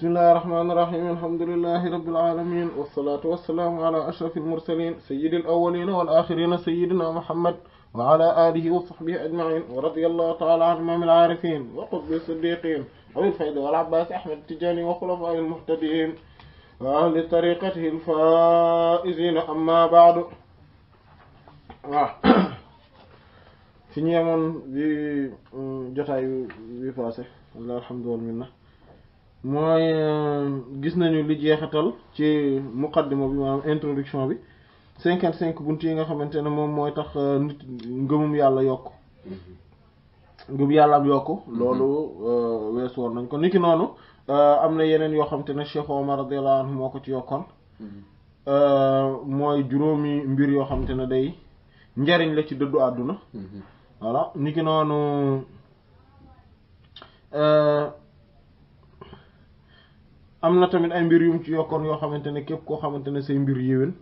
بسم الله الرحمن الرحيم الحمد لله رب العالمين والصلاة والسلام على أشرف المرسلين سيد الأولين والآخرين سيدنا محمد وعلى آله وصحبه أجمعين ورضي الله تعالى عن إمام العارفين وقضي الصديقين أبي الفيد والعباس أحمد التجاني وخلفاء المهتدين وأهل طريقته الفائزين أما بعد في نيامون في جتاي في فاسح الله الحمد والمنه mooy euh, gis nañu li jeexatal ci muqaddima bi maanaam introduction bi cinquante cinq bunt yi nga xamante ne moom mooy tax euh, nit ngëmum yàlla yokk mm-hmm. ngëm yàlla am yokk mm-hmm. loolu euh, weesu woon nañ ko niki noonu am na yeneen yoo xamante ne Cheikh Omar radiyallahu moo ko ci yokkoon mm-hmm. mooy juróomi mbir yoo xamante ne day njariñ la ci dëddu àdduna voilà niki noonu am na tamit ay mbir yum ci yokkoon yoo xamante ne képp koo xamante ne say mbir yéwén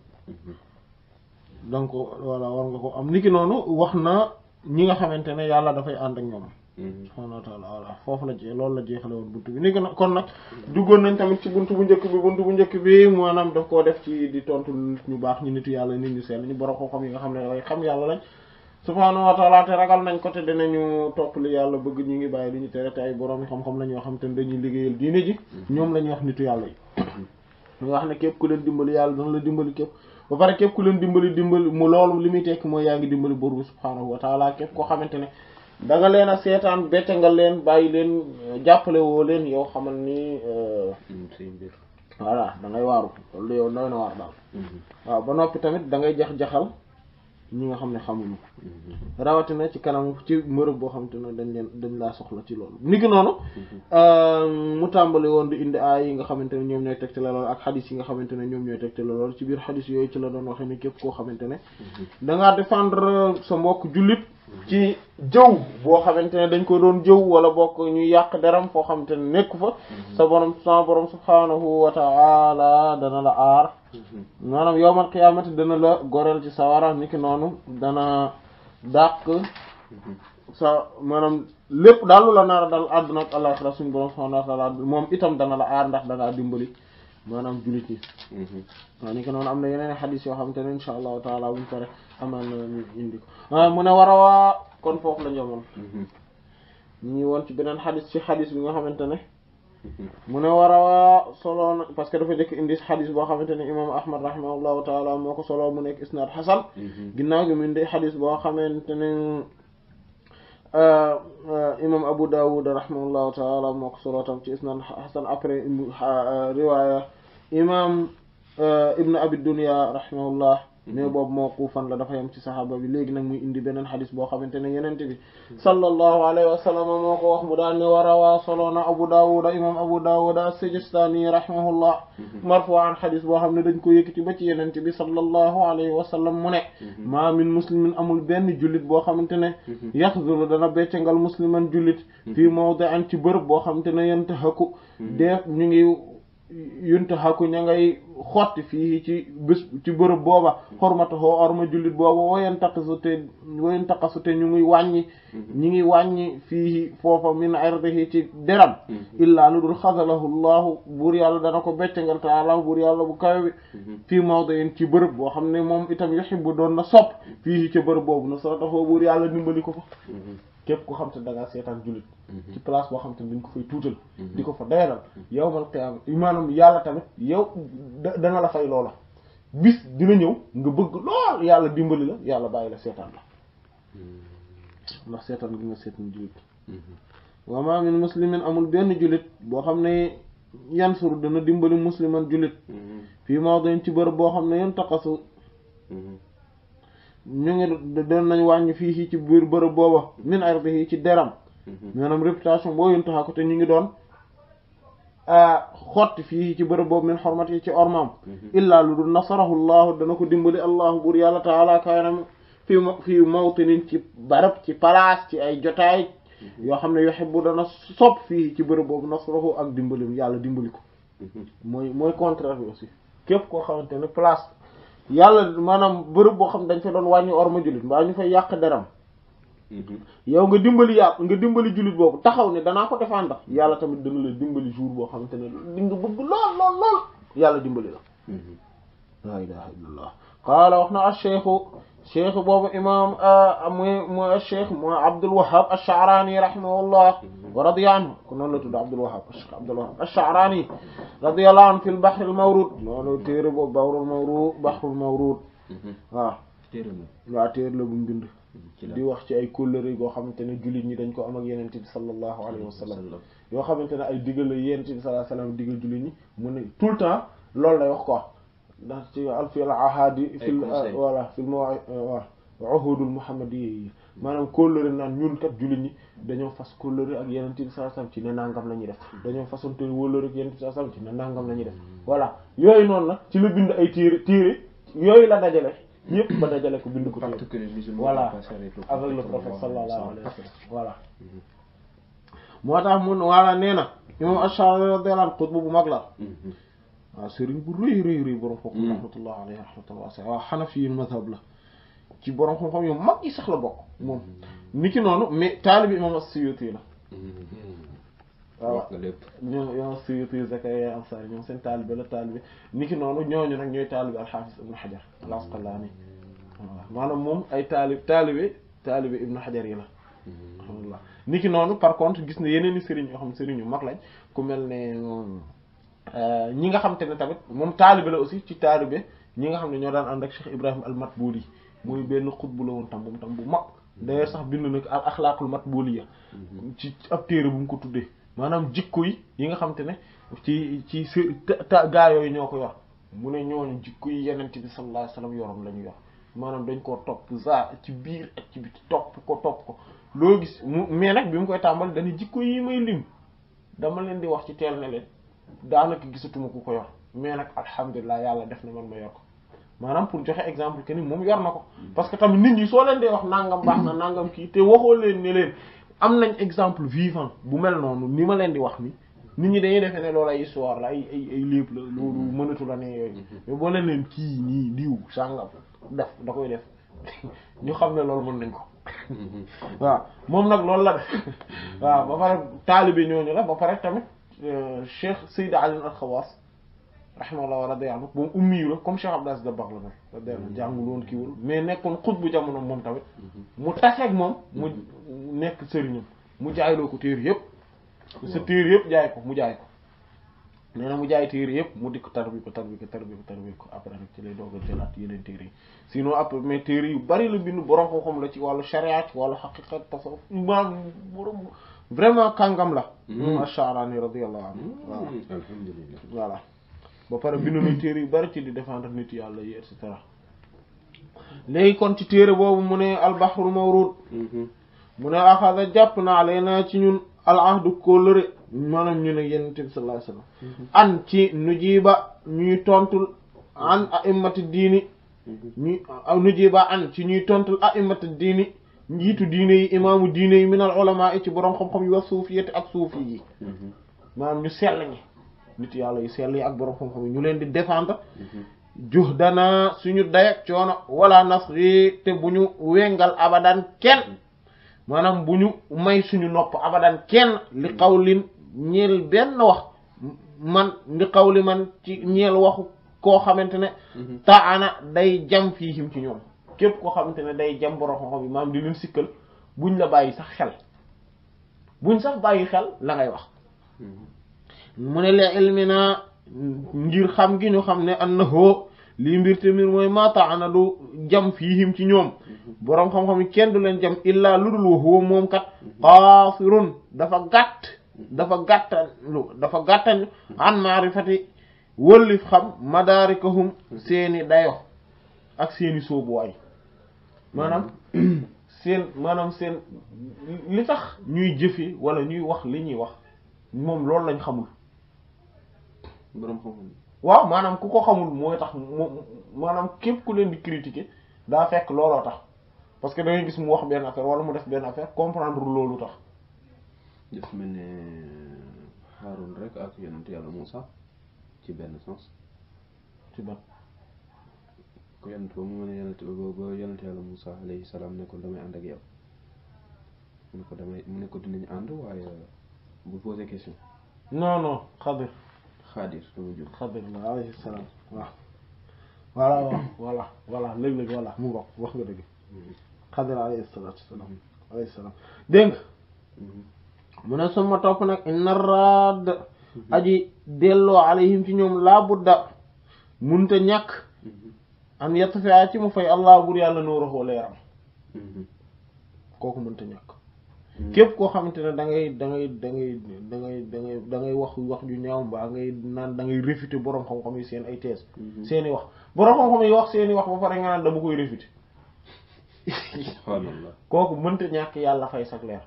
donc voilà war nga ko am niki noonu wax na ñi nga xamante ne yàlla dafay ànd ak ñoom mm-hmm. subhaanahu wa taala foofu la jee loolu la jeexale woon bunt bi ni ko kon nag duggoon nañ tamit ci bunt bu njëkk bi bunt bu njëkk bi maanaam daf koo def ci di tontu ñu baax ñu nitu yàlla nit ñu sell ñu borom yi nga xam ne dafay xam yàlla lañ subhaanahu wa taala te ragal nañ ko te dinañu topp li yàlla bëgg ñu ngi bàyyi li ñu tere te ay borom xam-xam la ñoo xam te ne dañuy liggéeyal diine ji ñoom la ñuy wax nitu yàlla yi nga wax ne képp ku leen dimbali yàlla dana la dimbali képp ba pare képp ku leen dimbali dimbali mu loolu li muy tekki mooy yaa ngi dimbali bor bu subhaanahu wa taala képp koo xamante ne da leen a seetaan bette nga leen bàyyi leen jàppale woo leen yow xamal ni euh, voilà da ngay waaru loolu yow nooy na waar daal mm-hmm. waaw ba noppi tamit da ngay jax-jaxal ñi nga xam ne xamuñu ko mm-hmm. rawatina ci kanam ci mërëb boo xam te dañ leen dañ laa soxla ci loolu ni ki noonu mm-hmm. euh, mu tàmbali woon di indi aay yi nga xamante ne ñoom te tegtale loolu ak xadis yi nga xamante ne ñoom ñooy tegtale loolu ci biir xadis yooyu ci la doon waxee ne képp koo xamante ne mm-hmm. da ngaa défendre sa mbokk jullit ci jëw boo xamante ne dañ ko doon jëw wala bokk ñu yàq deram foo xamante ne nekku fa mhm. sa borom sa borom dana la aar mhm. maanaam yowmal qiyaamati dana la goreel ci sawara niki noonu dana dàq mhm. sa maanaam lépp daal la naara dal àdduna ak àllaxira suñu borom subhaanahu wa moom itam dana la aar ndax dana dimbali maanaam jullit ñi mhm. waaw ni ko noonu am na yeneen xadis yoo xamante ne insha allahu taala buñu pare amaan ah, mu ne war waa kon foofu la njomoon mhm. ñu ngi ci beneen xadis ci xadis bi nga xamante ne mhm. mu ne war a waa soloon parce que dafa jëkk indi xadis boo xamante ne imam ahmad rahimahullahu taala moo ko soloo mu nekk isnaad xasan ginnaaw gi mu indi xadis boo xamante ne ah, ah, imam abu dawud rahimahullahu taala moo ko soloo tam ci isnaad xasan après riwaaya imaam eh, ibnu abi dunya rahimahullah mais boobu mawquufan la dafa yem ci saxaaba bi léegi nag muy indi beneen xadis boo xamante ne yenente bi sallallahu alayhi wa sallam moo ko wax mu daan ne wa rawaa soloona abu daawuda imam abu daawuda as-sijistani rahimahullah marfu'an xadis boo xam ne dañ ko ci ba ci yenente bi sallallahu alayhi wa sallam mu ne maa min muslimin amul benn jullit boo xamante ne yaxzulu dana beccangal musliman jullit fii mawdi'an ci bërëb boo xamante ne yentahaku def ñu ngi yuntahaku ña ngay xotti fii ci bés ci bërëb booba mm-hmm. xormatahoo orma jullit booba wayen taqasute wayen taqasute ñu ngi wàññi mm-hmm. ñi ngi wàññi fii foofa min ardihi ci deram mm-hmm. illaa lu dul xasalahu llaahu buur yàlla dana ko beccangal taala buur yàlla bu kawe bi fii mawdayin ci bërëb boo xam ne moom itam yuhibbu doon na sopp fii ci bërëb boobu na soo taxoo buur yàlla dimbali ko fa képp ko xam te ne da ngaa seetaan jullit mhm. ci place boo xam te ne dañ ko fay tuutal mhm. di ko fa dayanal yow mal qiyaama maanaam yàlla tamit yow dana la fay loola bis dina ñëw nga bëgg lool yàlla dimbali la yàlla bàyyi la seetaan la hmm. ndax seetaan gi nga seetaan jullit mhm. wa ma min muslimin amul benn jullit boo xam ne yan yansur dana dimbali musliman jullit fii maa doon ci bërëb boo xam ne yan taqasu ñu ngi doon nañ wàññi fii ci biir bërëb booba min ardihi ci deram mhm. maanaam réputation boo yun taxaa te ñu ngi doon xotti fii ci bërëb boobu min xormati ci ormaam mhm. illaa lu dul nasarahu llaahu dana ko dimbali allahu buur yàlla taala kaynam fii fii mawtinin ci barab ci palaas ci ay jotaay mhm. yoo xam ne yoo yuhibbu dana sopp fii ci bërëb boobu nasarahu ak dimbalim yàlla dimbali ko mooy mooy contraire aussi képp koo xamante ne place yàlla maanaam bërëb boo xam dañ fa doon wàññi orma jullit mbaa ñu fay yàq deram mhm. yow nga dimbali yàpp nga dimbali jullit boobu taxaw ne danaa ko defaan ndax yàlla tamit dana la dimbali jour boo xam xamante ne di nga bëgg lool lool lool yàlla dimbali la mhm. laa ilaha illallah qaala wax na ash-shaykhu cheikh boobu imaam muy muy cheikh mooy Abdul Wahhab Ash-Sha'rani rahimahullah wa radiya anhu kon noonu la tudd Abdul Wahhab Abdul Wahhab Ash-Sha'rani radiyallahu anhu fi al-Bahr al-Mawrud loolu téere boobu Bahr al-Mawrud Bahr al-Mawrud waaw téere la waaw téere la bu mu bind di wax ci ay kóllëre goo xamante ne jullit ñi dañ ko am ak yenente bi sallallahu alayhi wa sallam yoo xamante ne ay digal la yenente bi sallallahu alayhi wa sallam digal jullit ñi mu ne tout le temps loolu lay wax quoi ndax ci alfil ahadi fil euh, voilà fil mawa waaw euh, ahudul muhammad yi maanaam kóllëre naan ñun kat jullit ñi dañoo fas kóllëre ak yeneen bi saa sam ci ne nangam la ñuy def hmm. dañoo fasante wóllëre ak yeneen bi saa sam ci ne nangam la ñuy def voilà yooyu noonu nag ci la bind ay téere téere yooyu la dajale yëpp ba dajale ko bind ko téere voilà avec le prophète sallallahu alayhi wa sallam voilà hmm. moo tax mun voilà nee na imam Ash-Sha'bi radiyallahu anhu xutbu bu mag la hmm, waaw sëriñ bu rëy rëy rëy borom xam-xam rahmatullah alayhi rahmatullah waasa waaw xanafi yi mazhab la ci borom xam-xam yu mag yi sax la bokk moom ni ki noonu mais taalibi imam as-Suyuti la waaw ñoom imam as-Suyuti Zakariya Ansari ñoom seen taalibi la taalibi ni ki noonu ñooñu nag ñooy taalibi al-Hafiz ibn Hajar al-Asqalani waaw maanaam moom ay taalib taalibi taalibi ibn Hajar yi la alhamdulillah ni ki noonu par contre gis na yeneen i sëriñ yoo xam sëriñ yu mag lañ ku mel ne Euh, ñi nga xam te ne tamit moom taalibe la aussi ci taalibe ñi nga xam ne ñoo daan ànd ak Cheikh Ibrahim al Matbuli muy benn xutbu la woon tam bu tam bu mag d'ailleurs sax bind nag al axlaaqul matbuliya mhm. ci ab téere bu mu ko tuddee maanaam jikko yi yi nga xam te ne ci ci ta gaa yooyu ñoo koy wax mu ne ñooñu jikko yi yeneen bi sallallahu alayhi wasallam yorom la ñuy wax maanaam dañ koo topp za ci biir ak ci biti topp ko topp ko loo gis mu mais nag bi mu koy tàmbali dañuy jikko yi may lim dama leen di wax ci teel ne leen daanaka gisatuma ku ko yor mais nag alhamdulilah yàlla def na man ma yor ko maanaam pour joxe exemple que moom yor na ko. parce que tamit nit ñi soo leen dee wax nangam baax na nangam kii te waxoo leen ne leen am nañ exemple vivant bu mel noonu ni ma leen di wax ni nit ñi dañuy defee ne loolu ay histoire la ay ay ay lépp la loolu mënatu la ne yooyu. mais boo leen leen kii nii diw sàngam def da koy def ñu xam ne loolu mën nañ ko. waaw moom nag loolu la def ba pare taalibe ñooñu la ba pare tamit. Cheikh Seydi Ali al-Khawas rahimahullah wa radiya anhu moom ummi yu la comme Cheikh Abdou Aziz Dabakh la ma d jàngul woon kiiwul mais nekkoon xut bu jamono moom tamit mu taseeg moom mu nekk sëriñam mu jaayloo ko téere yëpp sa téere yëpp jaay ko mu jaay ko nee na mu jaay téere yëpp mu dikk tarbi ko tarbi ko tarbi ko tarbi ko après nag ci lay doog a jëlaat yeneen téere yi sinon après mais téere yu bari la bind borom xam-xam la ci wàllu charia ci wàllu xaqiqa tasawuf maanaam borom vraiment kàngam la masha mm. allah ni radiallahu anhu mm. voilà ba pare bindu nuy téere yu bari ci di défendre nit yàlla yi et cetera léegi kon ci téere boobu mu ne albahru mawrud mm-hmm. mu ne axada jàpp naa leena ci ñun al ahdu kóllëre maanaam ñu ne yenente bi salaai sallam mm-hmm. an ci nujiba ñuy tontul an mm-hmm. a immati diini ñu nujiba an ci ñuy tontul a immati diini njiitu diine yi imaamu diine yi minal ulama yi ci borom xam-xam yi wax suufiyati ak suufi yi mhm. maanaam ñu sell ñi nit yàlla yu sell yi ak borom xam-xam yi ñu leen di défendre mhm. juh dana suñu dayak coono wala nas yi te bu ñu wengal abadan kenn maanaam bu ñu may suñu nopp abadan kenn li xawlin ñeel benn wax man li xawli man ci ñeel waxu koo xamante ne mhm. taana day jam fii fiihim ci ñoom képp koo xamante ne day jam borom xam-xam yi maanaam di leen sikkal buñ la bàyyi sax xel buñ sax bàyyi xel la ngay wax mm-hmm. mu ne lee ilmina ngir xam gi ñu xam ne am na hoo lii mbir te mbir mooy maataana du jam fiihim ci ñoom mm-hmm. boroom xam-xam yi kenn du leen jam illaa lu dul waxuwa moom kat xaasirun dafa gàtt mm-hmm. dafa gàttalu dafa gàttañu an maarifati wëllif xam madaarikahum seeni dayo ak seeni soobuwaay maanaam seen maanaam seen li tax ñuy jëfe wala ñuy wax li ñuy wax moom loolu lañ xamul boroom xamul waaw maanaam ku ko xamul mooy tax moom maanaam képp ku leen di critiquer daa fekk looloo tax parce que da gis mu wax benn affaire wala mu def benn affaire comprendre loolu tax def mel ne Haarun rek ak yonent yàlla sax ci benn sens yonent ba mu ne yonent ne ko damay ànd ak yow mu ne ko damay mu ne ko dinañ ànd waaye bu posé question. non non xadir. xadir dama jóg xadir la alayhi salaam waaw. wax nga dëgg. xadir alayhi salaatu salaam alayhi mm-hmm. suma topp nag inna raad aji delloo alayhim ci ñoom laa budda munta ñàkk. am yett fia ci mu fay allah bur yàlla nuuraxoo leeram mhm. kooku mënta ñàkk mhm. képp koo xamante ne da ngay da ngay da ngay da ngay da ngay da ngay wax wax ju ñaaw mbaa ngay naan da ngay réfuter boroom xam-xam yi seen ay thèse mhm. seen i wax boroom xam-xam yi wax seen i wax ba pare nga naan dama koy réfuter kooku mënta ñàkk yàlla fay sax leer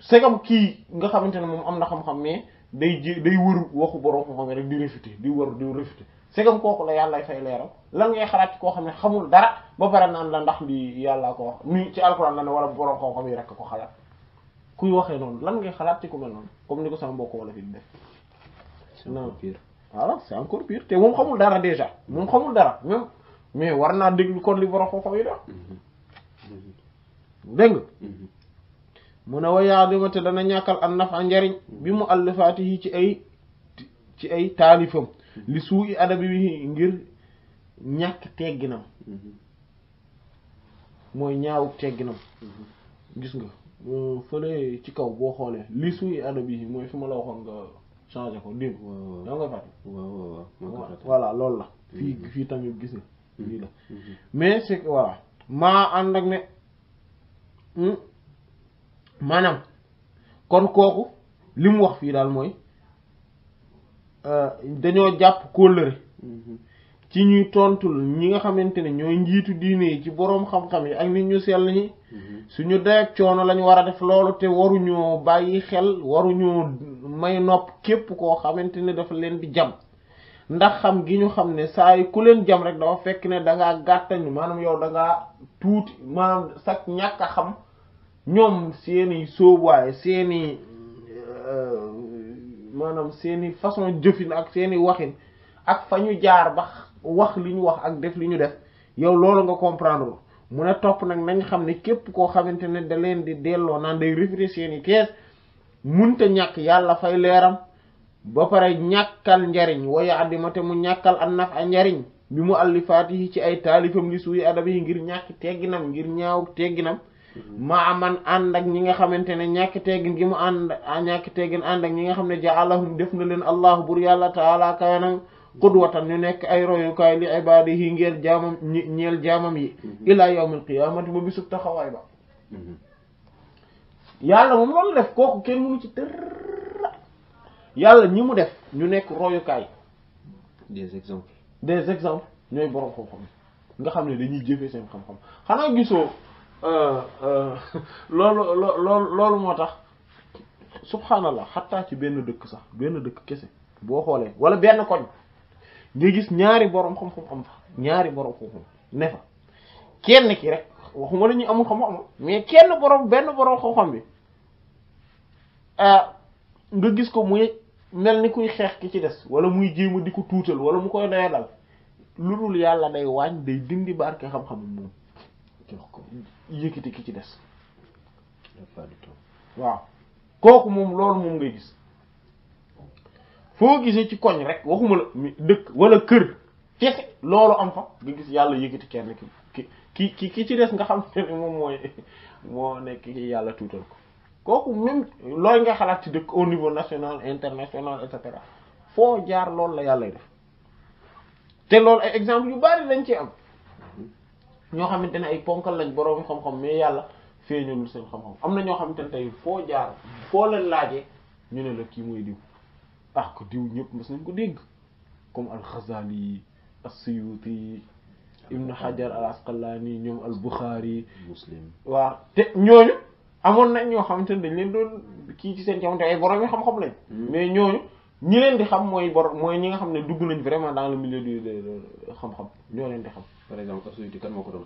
segam kii nga xamante ne moom am na xam-xam mais day j day wër waxu boroom xam-xam yi rek di réfuter di wër di réfuter segam yàlla fay leeram lan ngay xalaat koo xam ne xamul dara ba pare naan la ndax li yàlla ko ci alquran la ne wala borom xam rek ko xalaat kuy waxee noonu lan ngay xalaat ci ku mel noonu comme ni ko sama mbokk wala fi di def. c'est encore pire. voilà c'est encore te moom xamul dara déjà moom xamul dara mais war naa déglu kon li borom xam-xam yi def mm-hmm. dégg nga. Mm-hmm. mu ne wayaadima te dana ñàkkal an nafa njariñ bi mu àllfaati yi ci ay ci ay taalifam. li suu i adabi wi ngir ñàkk tegginam mooy ñaawu tegginam gis nga euh, fële ci kaw boo xoolee li suu i adabi yi mooy fi ma la waxoon nga changé ko dégg da nga fàtte voilà loolu la mm-hmm. fii fii tamit gis nga lii mm-hmm. la mm-hmm. mais c'est que maa ànd ak ne hmm, maanaam kon kooku li mu wax fii daal mooy Euh, dañoo jàpp kóllëre ci ñuy tontul ñi nga xamante ne ñooy njiitu diine yi ci boroom xam-xam yi ak nit ñu sell ñi suñu dayeg coono lañ war a def loolu te waruñoo bàyyi xel waruñoo may nopp képp koo xamante ne dafa leen di jam ndax xam gi ñu xam ne saa yi ku leen jam rek dafa fekk ne da ngaa gàttañ maanaam yow da ngaa tuuti maanaam sax ñàkk a xam ñoom seeni sóobuwaay seeni euh, maanaam seeni façon jëfin ak seeni waxin ak fa ñu jaar ba wax li ñu wax ak def li ñu def yow loolu nga comprendre mu ne topp nag nañ xam ne képp koo xamante ne da leen di delloo naan day référé seeni kees munta ñàkk yàlla fay leeram ba pare ñàkkal njariñ waye addima te mu ñàkkal an naf a njariñ bi mu allifaat yi ci ay taalifam li suuy adab yi ngir ñàkk tegginam ngir ñaaw tegginam ma man ànd ak ñi nga xamante ne ñàkk teggin gi mu ànd ñàkk teggin ànd ak ñi nga xam ne ja'alahum def na leen allahu bur yàlla taala kaana qudwatan ñu nekk ay royukaay li ibaadihi ngeel jaamam ñeel jaamam yi mm-hmm. ilaa yawmil qiyaamati ba bisub mm-hmm. yàlla moom loolu def kooku kenn mënu ci dara yàlla ñi mu def ñu nekk royukaay des exemples ñooy borom xam-xam nga xam ne dañuy jëfee seen xam-xam xanaa gisoo Euh, euh, loolu loolu loolu moo tax subhaanallah xattaa ci benn dëkk sax benn dëkk kese boo xoolee wala benn koñ nga gis ñaari boroom xam-xam fa ñaari borom xam-xam ne fa kenn la ñu amul xam-xam mais kenn borom benn borom xam-xam bi euh, nga gis ko muy mel ni kuy xeex ki ci des wala muy jéema di ko tuutal wala mu koy doyadal lu dul yàlla day wàññ day dindi barke xam-xam moom yëkkati ki ci des waaw kooku moom loolu moom ngay gis foo gisee ci koñ rek waxuma la dëkk wala kër kese loolu am fa nga gis yàlla yëkkati kenn ki ki ki ki ci des nga xam ne moom mooy moo nekk yàlla tuutal ko kooku même looy nga xalaat ci dëkk au niveau national international et foo jaar loolu la yàlla def te loolu ay exemple yu bari lañ ci am ño xamantene ay ponkal lañ borom xam-xam mais yàlla feeñul seen xam-xam amna ño xamantene tay fo jaar fo la laaje ñu ne la ki moy diw ah ko diw ñëpp mas nañ ko dégg comme al khazali as-Suyuti Ibn Hajar al-Asqalani nom al al-Bukhari Muslim wa te ñooñu amon nañ ño xamantene dañ leen doon ki ci seen jamm tay borom xam-xam lañ mais ñooñu ñi leen di xam mooy bor mooy ñi nga xam ne dugg nañ vraiment dans le milieu du xam-xam ñoo leen di xam. par exemple As-Suyuti ko doon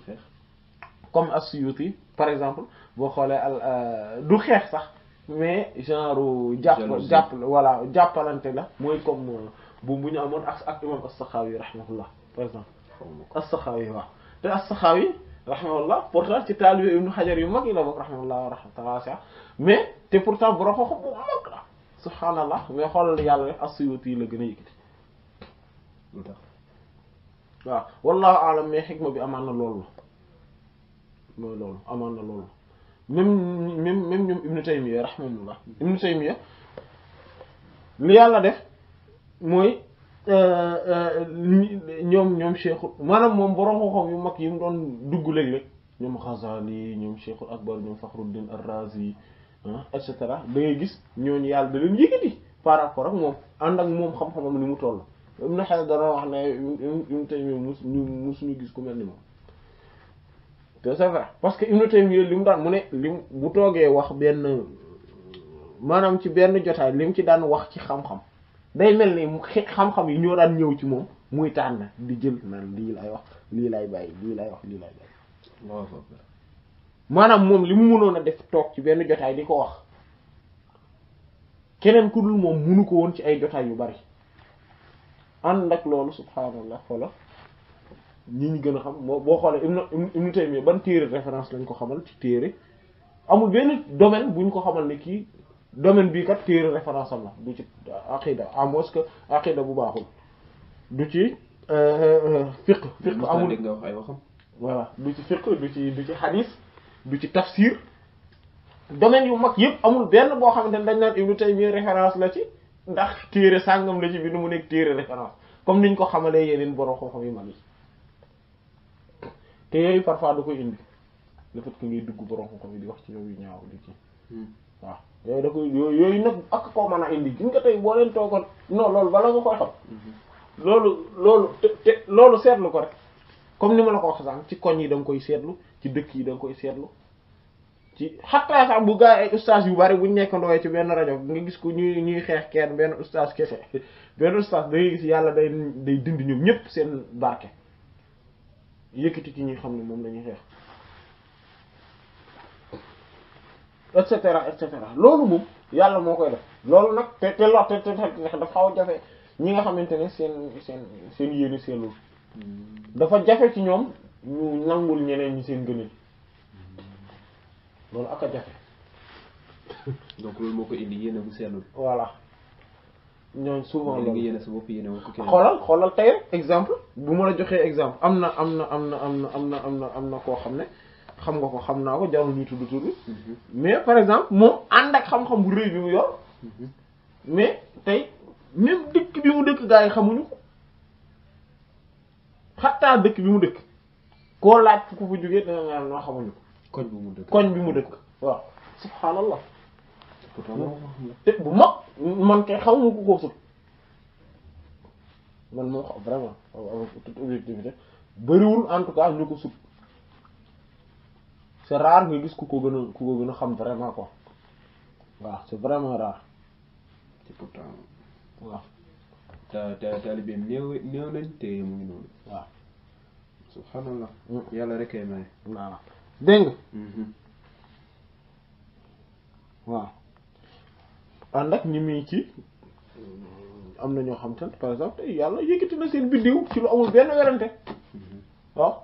comme As-Suyuti par exemple boo xoolee al euh, du xeex sax mais genre. jàpp jàpp wala jàppalante la. mooy comme euh, bu bu ñu amoon ak ak imam As-Sakhawi rahimahullah par exemple. As-Sakhawi waaw te As-Sakhawi rahimahullah pourtant ci taalibe Ibn Hajar yu mag yi la bokk rahimahullah wa rahmatullah mais te pourtant borom xam-xam bu mag la. subhanallah mais xoolal yàlla rek as-Suyuti la gën a yëkkati waaw wallahu aalam me hikma bi amana na loolu la mooy loolu amaan loolu même même même ibnu Ibn Taymiyya ibnu Ibn li yàlla def mooy ñom ñom Cheikhul manam mom borom xoxom yu mak yi mu doon dugg léeg-léeg ñoom Ghazali ñoom Cheikhul Akbar ñom Fakhruddin arrazi Ah, et cetera da gis ñooñu yàlla da leen yëkkati par rapport ak moom ànd ak moom xam-xamam ni mu toll am na xel dana wax ne Ibn Taymiyya musuñu musuñu gis ku parce que Ibn li mu daan mu ne lim bu toogee wax benn maanaam ci benn jotaay li ci daan wax ci xam-xam day mel yi ñoo daan ñëw ci moom muy tànn di jël naan lii lay wax lii lay bàyyi lii lay wax lii lay bàyyi maanaam moom li mu mënoon a def toog ci benn jotaay di ko wax keneen ku dul moom munu ko woon ci ay jotaay yu bari ànd ak loolu subhaanallah xoola ñi ñu gën a xam moo boo xoolee Ibn Ibn Taymiyya ban téere référence lañ ko xamal ci téere amul benn domaine buñ ko xamal ne kii domaine bii kat téere référence am la du ci aqida à moins que aqida bu baaxul du ci euh, euh, euh, fiqh fiqh amul voilà du ci fiqh du ci du ci hadith du ci tafsir domaine yu mag yëpp amul benn boo xamante ne dañ naan Ibnu Taymiyya référence la ci ndax téere sàngam la ci bi nu mu nekk téere référence comme niñ ko xamalee yeneen borom xam-xam yu mag te yooyu da koy indi le fait que ngay dugg borom xam di wax ci yooyu ñaaw di hmm. waaw yooyu da koy yooyu nag ak koo mën a indi gis nga tey boo leen toogoon non loolu bala nga koy xam hmm. loolu loolu te te loolu seetlu ko rek comme ni ma la ko wax sànq ci koñ yi da koy seetlu ci dëkk yi da koy seetlu ci xattaa sax bu gaa ay ustaas yu bari buñ nekkandoo ci benn rajo nga gis ko ñuy ñuy xeex kenn benn ustaas kese benn ustaas da gis yàlla day day dindi ñoom ñépp seen barke yëkkati ci ñi xam ne moom lañuy ñuy xeex et cetera et cetera loolu moom yàlla moo koy def loolu nag te te lo te te daf jafe ñi nga xamante ne seen seen seen yéene seen loolu dafa jafé ci ñom ñu nangul ñeneen ñu seen loolu donc le mot. indi bu voilà souvent ne exemple bu mëna la exemple amna amna amna amna amna amna amna ko xamné xam nga ko ko mhm. mais par exemple mo and ak xam-xam bu bi mu mhm. mais même bi mu xattaa dëkk bi mu dëkk koo laaj fu ko fa jógee dana noo xamuñu ko. koñ bi mu dëkk waaw. subhaanallah. te bu mag man kay xaw ma ko sut man moom xam vraiment avec objectivité bëriwul en tout cas ñu sut c'est rare nga gis ku ko gën a ku ko gën a xam vraiment quoi waaw c'est vraiment rare. waaw. ta ta taalibeem néew néew nañ te mu noonu. waaw. subhanallah. Mm. yàlla rekk ay maye. waaw dégg nga. Mm-hmm. waaw. ànd ak ñi muy ci am na ñoo xam te par exemple yàlla yëkkati na seen biddiw ci lu amul benn werante. Mm-hmm. waaw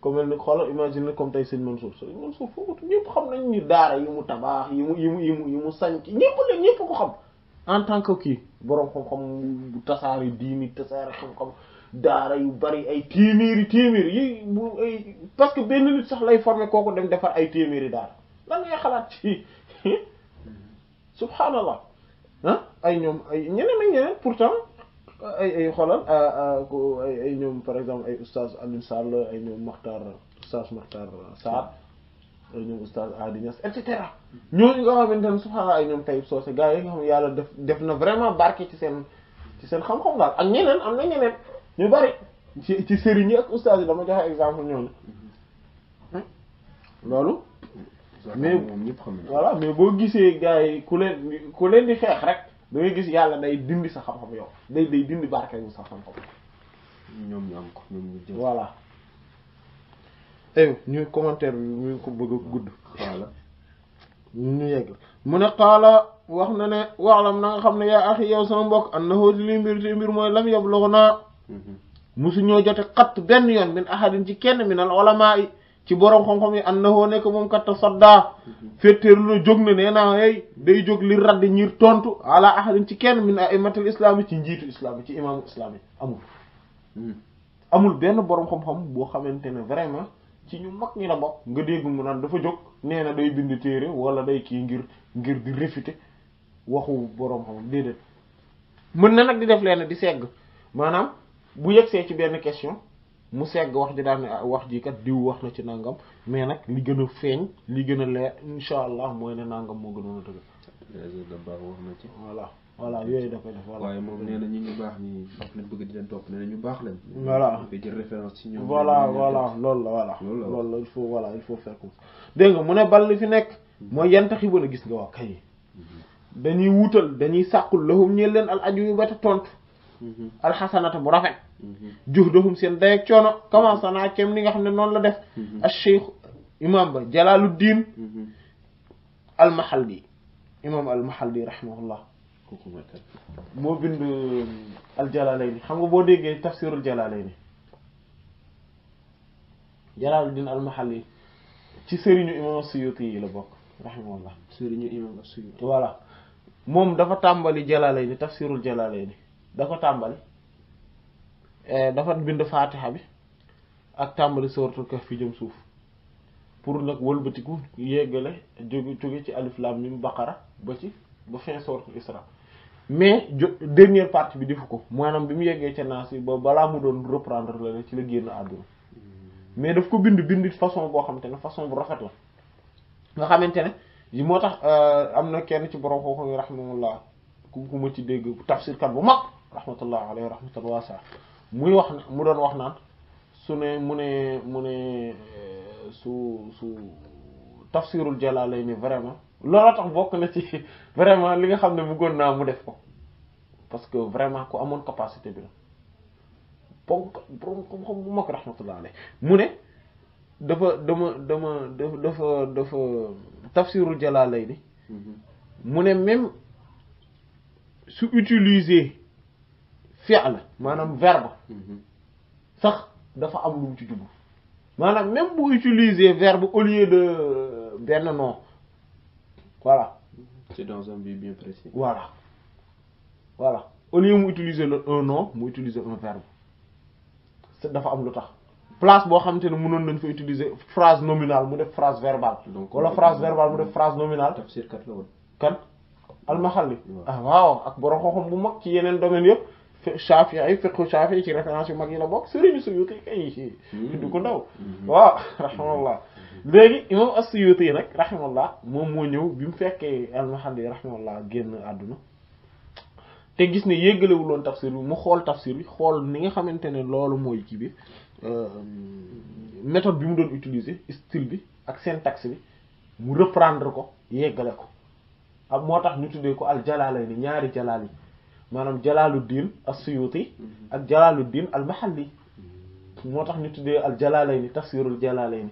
comme mel ni xoolal imagine comme tey sëñ Mansour sëñ Mansour foofu xam nañ ni daara yi mu tabaax yi mu yi mu yi mu yi mu ko xam. en tant que kii boroom xam-xam bu tasaare diini tasaare xam-xam daara yu bari ay téeméeri téeméeri yi bu ay parce que benn nit sax lay former kooku dem defar ay téeméeri daara la ngay xalaat ci subhaanallah ah ay ñoom ay ñeneen ak ñeneen pourtant ay ay xoolal ah, ah, ay ñoom par exemple ay oustaz Alioune Sall ay ñoom Makhtar oustaz Makhtar Sarr ñoom oustaz Adi Niass et cetera ñooñu nga xamante ne subhaanallah ay ñoom Taïb Socé gars yi nga xam ne yàlla def def na vraiment barke ci seen ci seen xam-xam daal ak ñeneen am na ñeneen ñu bari ci ci sëriñ yi ak oustaz yi dama joxe exemple ñooñu loolu. mais voilà mais boo gisee gars yi ku leen ku leen di xeex rek da gis yàlla day dindi sa xam-xam yow day day dindi barke wu sa xam-xam. ko ñoom ay eh, ñu commentaire bi ñu bëgg a gudd voilà mu ne qaala wax na ne waxlam na nga xam ne yaa axi yow sama mbokk annahu li mbir te mbir mooy lam yablughnaa mhm. musu ñoo jote xatt benn yoon min ahadin ci kenn min al ulamaa yi ci borom xam-xam yi annahu nekk moom kat tasadda mhm. féttéerlu na jóg na day jóg li radd ñir tontu ala ahadin ci kenn min a'immatil islam yi ci njiitu islam yi ci imaamu islam yi amul mhm. amul benn borom xam-xam boo xamante ne vraiment ci ñu mag ñi la bokk nga dégg mu naan dafa jóg nee na day bind téere wala day kii ngir ngir di réfuter waxu boroom xam déedéet mën na nag di def leen di segg maanaam bu yegsee ci benn question mu segg wax ji daan ah, wax ji kat diw wax na ci nangam mais nag li gën a feeñ li gën a leer incha mooy ne nangam moo gënoon a dëgg. réseau voilà yooyu da koy def voilà waaye moom nee na ñi ñu baax ñi daf leen bëgg di leen topp nee na ñu baax leen voilà dafay jël référence ci ñoom voilà voilà loolu la voilà loolu la il faut voilà il faut faire comme dégg nga mu ne bal li fi nekk mooy yanta xibala gis nga waa kay dañuy wuutal dañuy sàqul lahum ñeel leen al aju yu bata tontu alxasanata bu rafet juhdahum seen day ak coono commencé naa kem li nga xam ne noonu la def al cheikh imam ba jalaaluddin al mahalli imam al mahalli rahimahullah kooku mooy kan moo bind euh, aljalaalayni xam nga boo déggee tafsirul jalaalayni jalaaluddin almahalli ci sëriñu imam suyuti yi la bokk rahimahullah sëriñu imam suyuti voilà moom dafa tàmbali jalaalayni tafsirul jalaalayni dafa tàmbali eh, dafa bind faatiha bi ak tàmbali sooratul kahf fi jëm suuf pour nag wëlbatiku yeggale jóge jóge ci alif lam mim baqara ba ci ba fin sooratul isra mais dernière partie bi defu ko maanaam bi mu yeggee ca naas yi ba balaa mu doon reprendre la ci la génn àdduna mais daf ko bind bind façon boo xamante ne façon bu rafet la nga xamante ne yi moo tax euh, am na kenn ci borom kooku yi mu laa ku ma ci dégg tafsirkat bu mag rahmatullah alayhi rahmatan wasi'a muy wax mu doon wax naan su ne mu ne mu ne euh, su su tafsirul Jalalayn vraiment. tax bok na vraiment li nga je ne parce que vraiment ko amone capacité bi xam ne dafa dama dama tafsirul mhm. ne même utiliser fi'l verbe mhm. sax dafa am lu même utiliser verbe au lieu de euh, voilà. C'est dans un but bien précis. Voilà. Voilà. Au lieu d'utiliser un nom, nous utiliser un verbe. C'est d'avoir un place boo xamante ne nous nañ fa utiliser phrase nominale mu def phrase verbale. donc la phrase verbale mu def phrase nominale. tafsir kat la woon. kan almahalli ah waaw ak borom xam-xam bu mag ci yeneen domaine Shafi'i fiqhu Shafi'i ci référence yu mag yi la bokk sëriñu Suyuti kay hmm. du ko ndaw hmm. waaw rahimahullah léegi imam as-Suyuti yi nag moom moo ñëw bi mu fekkee al-Mahalli rahimahullah génn àdduna te gis ne yéggalewul woon tafsir bi mu xool tafsir bi xool ni nga xamante ne loolu mooy kii bi euh, méthode bi mu doon utiliser style bi ak seen tax bi mu reprendre ko yeggale ko ak moo tax ñu tuddee ko al-Jalalayn ñaari jalaal yi manam jalaluddin as-Suyuti ak jalaluddin al-Mahalli motax tax ñu tuddee al al-jalalayn tafsirul jalalayn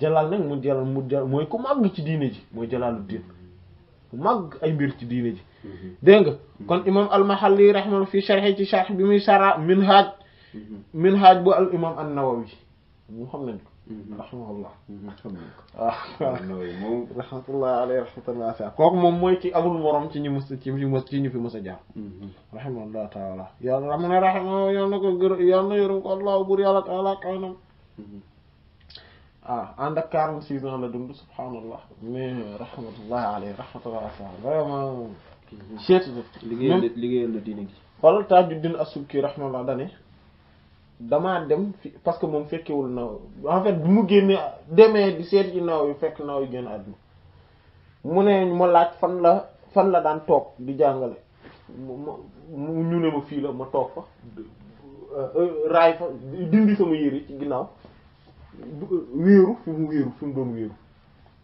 jalal nak mu jalal mu moy ku mag ci diine ji mooy Jalaaluddin mag ay mbir ci diine ji deeng kon imam al-Mahalli rahman fi sharh ci sharh bi muy sara Minhaj Minhaj bu al imam an-Nawawi mu xam nañ Mhm. rahmatullah mhm. xam waaw ah. rahmatullah alayhi rahmatan waasi'a kooku moom mooy ci ñu mës ci ñu mës ci ñu fi mës a jaar mhm. rahimahullah taala yàlla ram ne raxima yàlla na ko gër ah, ànd ak quarante six la dund subhaanallah mais rahmatullah alayhi rahmatan waasi'a vraiment cheet liggéeyal liggéeyal la diine gi xoolal Tajuddin as dane damaa dem fi parce que moom fekkewul naw en fait bi mu génnee demee di seet yi naw yu fekk naw yu génn àdduna mu ne ma laaj fan la fan la daan toog di jàngale mu ñu ne ma fii la ma toog fa euh, euh, raay fa dindi sama yére ci ginnaaw wéeru fi mu wéeru fi mu doon wéeru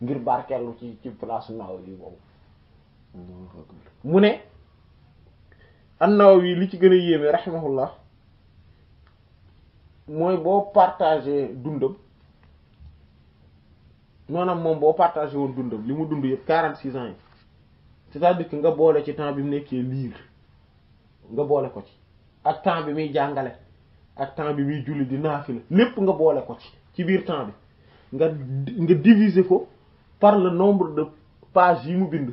ngir barkeelu ci ci place naw yi boobu mu ne an naw yi li ci gën a yéeme rahimahullah moy vais partager. dundum nonam mom bo partager won dundum limu ans c'est-à-dire que nga bolé ci temps bi mu nekkee lire. nga bolé ko ci ak temps bi mi je ak temps bi mi julli di lépp nga bolé ko ci ci biir temps bi nga nga diviser ko par le nombre de pages yi mu bind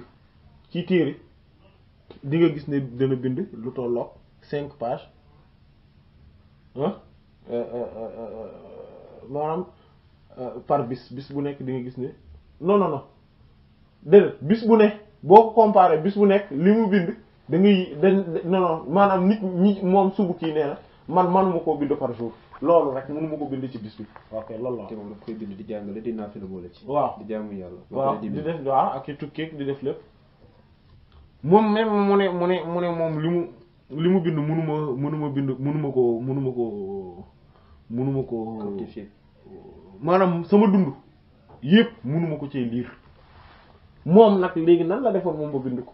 ci di nga ne dana bind pages Hein Euh, euh, euh, maanaam par bis bis bu nekk di gis ne non non non déedéet bis bu ne boo ko bis bu nekk li mu bind dangay ngay da non non maanaam nit moom subu kii nee man manuma koo bind par jour loolu rek mënuma ko bind ci bis bi. ok loolu la te moom daf bind di jàngale di naafi la boole ci. waaw di jaamu yàlla. waaw di def waaw ak i di def lépp. moom même mu ne mu ne moom li li mu bind mënuma mënuma bind mënuma ko mënuma ko mënuma ko maanaam sama dund yépp mënuma ko cee liir moom nag léegi nan la defoon moom ba bind ko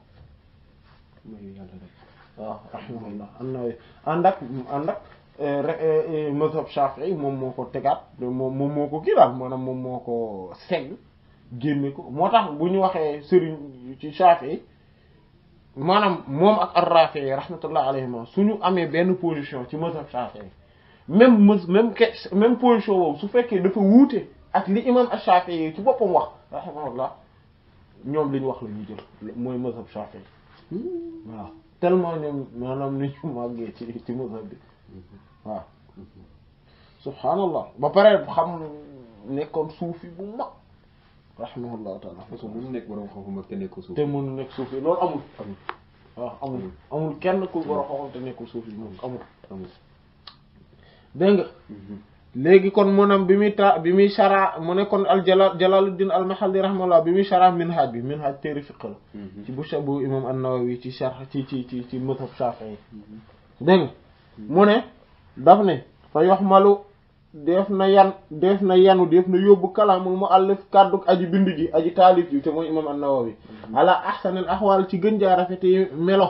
waaw alhamdulilah am na ànd ak ànd ak eh, eh, eh, mazhab Shafi'i moom moo ko tegaat moom moom moo ko kii daal maanaam moom moo ko segg génne ko moo tax bu ñu waxee sëriñ ci Shafi'i maanaam moom ak ar-Rafi'i rahmatullah alayhima suñu amee benn position ci mazhab Shafi'i même même même position boobu su fekke dafa wouté ak li imam Ash-Shafi'i ci bopam wax rahimahullah ñom liñ wax la ñu jël moy mazhab Shafi'i wa tellement ñom manam ni ñu maggé ci ci mazhab bi waaw subhaanallah ba pare xam nekkon soufi bu ma rahimahullah taala fa so bu nekk borom xofu ma ak te nekkul suufi te mënu nekk soufi lool amul amul amul amul kenn ku borom xofu xam te nekkul suufi amul amul dégg nga mhm. léegi kon munam bi muy ta bi muy chara mu ne kon al jala jalaluddin al mahalli rahmallah bi muy chara minhaj bi minhaj téeri fiq la mhm. ci bu bu imam an-nawawi ci char ci ci ci ci mazhab shafi'i mhm. dégg nga mu ne daf ne fa yoxmalu def na yan def na yanu def na yóbbu kalaamul mu àllif kàdduk aji bindu ji aji taalif ji te mooy imam an-nawawi ala ahsanil ahwal ci gën jaa rafete melo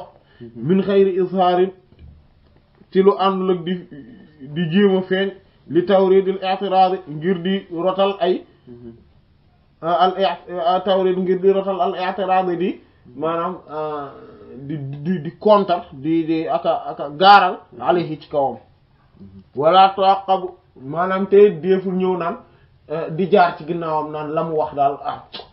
min xayri izhaarin ci lu àndul ak di di jéem feeñ li tawridil i'tirad ngir di rotal ay ah, al ah, tawrid di rotal al i'tirad di maanaam ah, di di di kontar di di aka gaaral alayhi ci kawam wala taqabu maanaam te deeful ñëw naan eh, di jaar ci ginnaawam naan la mu wax daal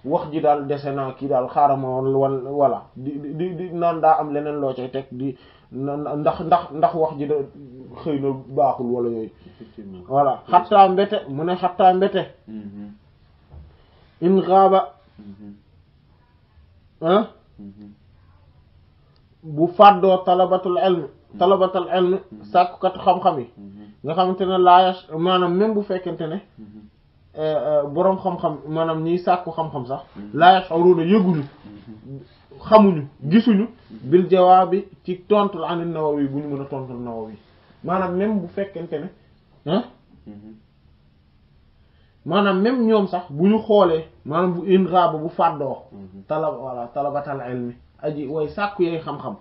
wax ji daal dese naa kii daal xaaral ma woon di di di naan daa am leneen loo cay teg di ndax ndax wax ji da xeyna na baaxul wala yoy wala xattaa mbete mune ne xattaa mbete in gaba xaaba bu faddo talabatul ilm talabatul ilm sakku kat xam-xam xami nga xamantene la yash manam même bu fekkente ne boroom xam-xam maanaam ñiy sàkku xam-xam sax laayas aruuna yëguñu xamuñu gisuñu bil jawabi ci tontul anan Nawawi buñu mëna tontul Nawawi manam même bu fekkente ne hein manam même ñom sax bu ñu xoolee maanaam bu in raaba bu fàddoo tala voilà talabatal ilmi aji way sàkku yey xam-xam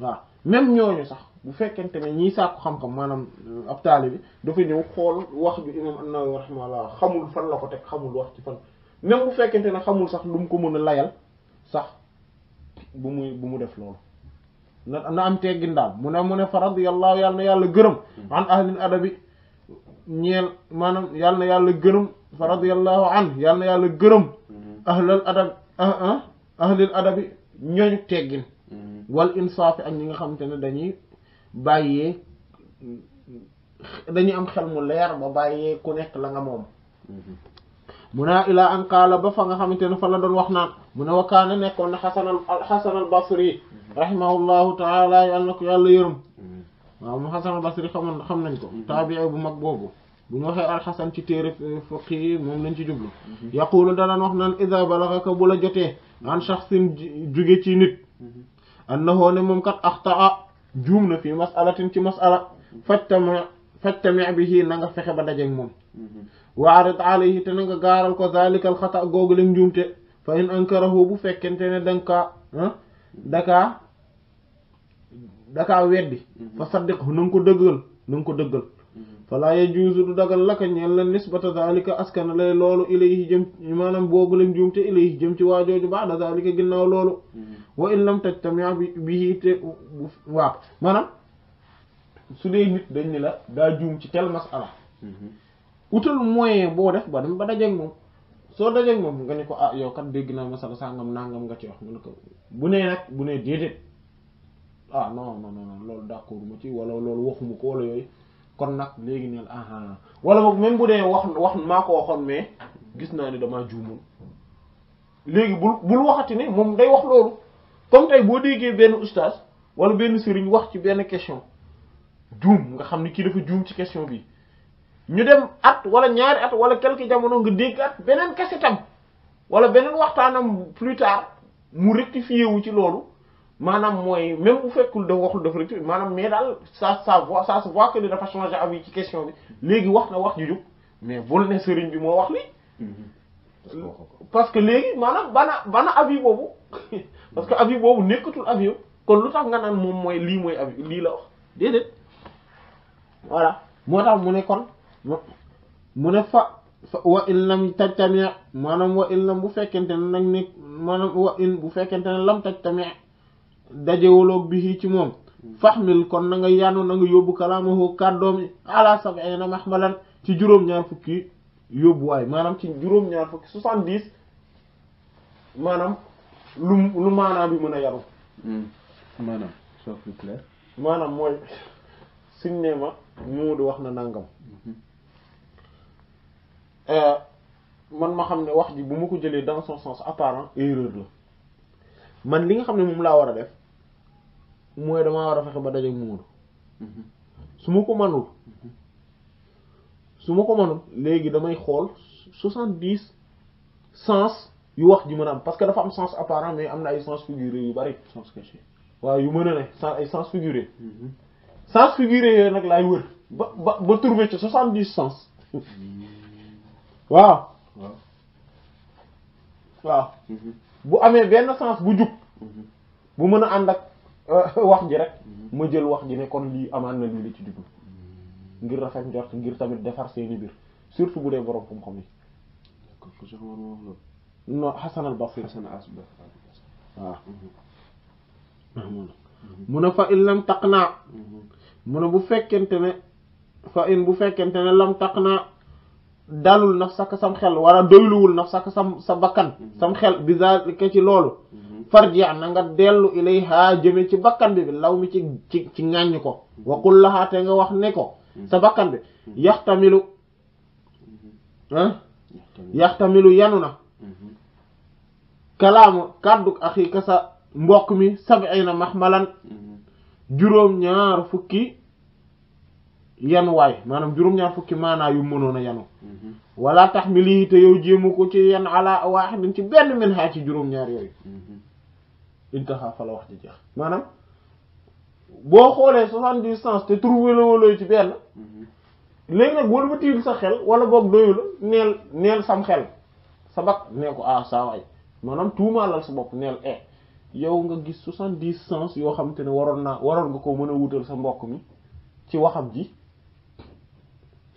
wa même ñoñu sax bu fekkente ne ñi sakku sàkku xam-xam manam ab talib du fi ñëw xol wax ju imam an-Nawawi rahimahullah xamul fan la ko tek xamul wax ci fan même bu fekkente ne xamul sax lu mu ko mën layal sax bu mu bu mu def lolu na am teggin daal mu ne mu ne fa radiyallahu yàlla na yàlla gërëm an ahlil adabi ñeel maanaam yàlla na yàlla gërëm fa radiyallahu an yàlla na yàlla gërëm ahlal adab ah, ah, ahlil adabi ñooñu teggin wal insaafi ak ñi nga xamante ne dañuy bàyyee dañuy am xel mu leer ba bàyyee ku nekk la nga moom mm-hmm. mu naa ilaa an qaala ba fa nga xamante fa la doon wax naan من هو كان نكون حسن الحسن البصري رحمه الله تعالى يالله يالله يرم ام حسن البصري خمن خمن نكو تابع بو ماك بوبو بو نوخي الحسن تي تير فقيه موم نانتي جوبل يقول دا نان وخنان اذا بلغك بولا جوتي نان شخص جوغي تي نيت انه نمم كات اخطا جومنا في مساله تي مساله فتم فتمع به نغا فخه با داجيك موم وارد عليه تنغا غارل كو ذلك الخطا جوجل نجومتي fa in ankarahu bu fekkente ne danga ka ah, daka daka weddi mhm. fa saddiqhu na nga ko dëggal na nga ko dëggal mhm. fala yajuuzu du dagal lakk ñeel la nisbata zalika askana lay loolu ilayhi jëm maanaam boobu lañ juumte ilayhi jëm ci waajooju ba'da zalika ginnaaw loolu mhm. wa in lam bi bihi te waaw maanaam su dee nit dañ ni la daa juum ci tel masala utal moyen boo def ba dem ba dajeeg moom soo dajeeg moom nga ne ko ah yow kat dégg naa masala sàngam nangam nga ci wax mu ne ko bu nee nag bu nee déedéet ah non non non loolu d'accord ma ci wala loolu waxuma ko wala yooyu kon nag léegi neen aha ah, ah. wala boog même bu dee wax wax maa ko waxoon mais gis naa ne damaa juumul léegi bul bul waxati ne moom day wax loolu comme tey boo déggee benn ustaas wala benn sëriñ wax ci benn question juum nga xam ne kii dafa juum ci question bi ñu dem at wala ñaar at wala quelque jamono nga at wala benen waxtanam plus tard mu rectifier wu ci lolu manam moy même bu fekkul da waxul da mais ça ça voit ça voit que avis ci question bi wax mais bi wax parce que légui manam bana bana avis parce que avis bobu nekatul avis kon lutax nga nan voilà Moi, mu ne fa wa in lam tajtami maanaam wa in lam bu fekkente ne nag ni maanaam wa in bu fekkente ne lam tajtami dajewuloo bi ci moom faxmil kon na nga yanu na nga yóbbu kalaamahu kàddoom ala sab'ina mahmalan ci juróom-ñaar fukki yóbbuwaay maanaam ci juróom-ñaar fukki soixante-dix maanaam lu lu maanaam bi mën a yaru hmm. maanaam c'est mooy suñ ne ma Moodu wax na nangam Eh, man ma xamne ne wax ji bu mu ko jëlé dans son sens apparent erreur la man li nga xamne ne la wara def moy dama wara fexé ba dajé muur mhm. su ko manul mhm. su ko manul légui damay xol 70 sens yu wax ji mën am parce que dafa am sens apparent mais amna ay sens figuré yu bari sens caché wa yu mën né ne ay sens figuré mhm. sens figuré nak lay wër ba ba ba trouver ci 70 sens waaw waaw mhm. bu amee benn sens bu jub mhm. bu mën a ànd ak euh, wax ji rek mhm. ma jël wax ji ne kon lii amaan na lii la ci dugg ngir rafet njort ngir tamit defar seeni biir surtout bu dee borom xam-xam yi. non Hasan al-Basri waaw mu ne fa in lam taq naa mu ne bu fekkente ne fa in bu fekkente ne lam taq naa dalul naf saka sam xel wala doyluwul naf saka sam sa bakkan mhm. sam xel bizalika ci loolu mhm. farji na nga dellu ilayha jëme ci bakkan bi bi law mi ci ci ko wa qul laha nga wax ne ko mhm. sa bakkan bi yaxtamilu ah yaxtamilu yanu na kalaamu kàddu axi sa mbokk mi sab'ina mahmalan juróom ñaar fukki yenn waay maanaam juróom-ñaar fukki maanaa yu mënoon a yanu mhm. walla tax mi lii te yow jéemu ko ci yenn yan ala waaxidin ci benn min xaa ci juróom-ñaar yooyu mhm. intaha fa la wax ji jeex maanaam boo xoolee soixante-dix sens te trouvé la ci benn mhm. léegi nag wala ba tiil sa xel wala boog doyu la neel neel sam xel sa bak ko ah saa waay maanaam tuumaalal sa bopp neel e yow nga gis soixante-dix sens yoo xam te ne waroon naa waroon nga ko mën a wutal sa mbokk mi ci waxam ji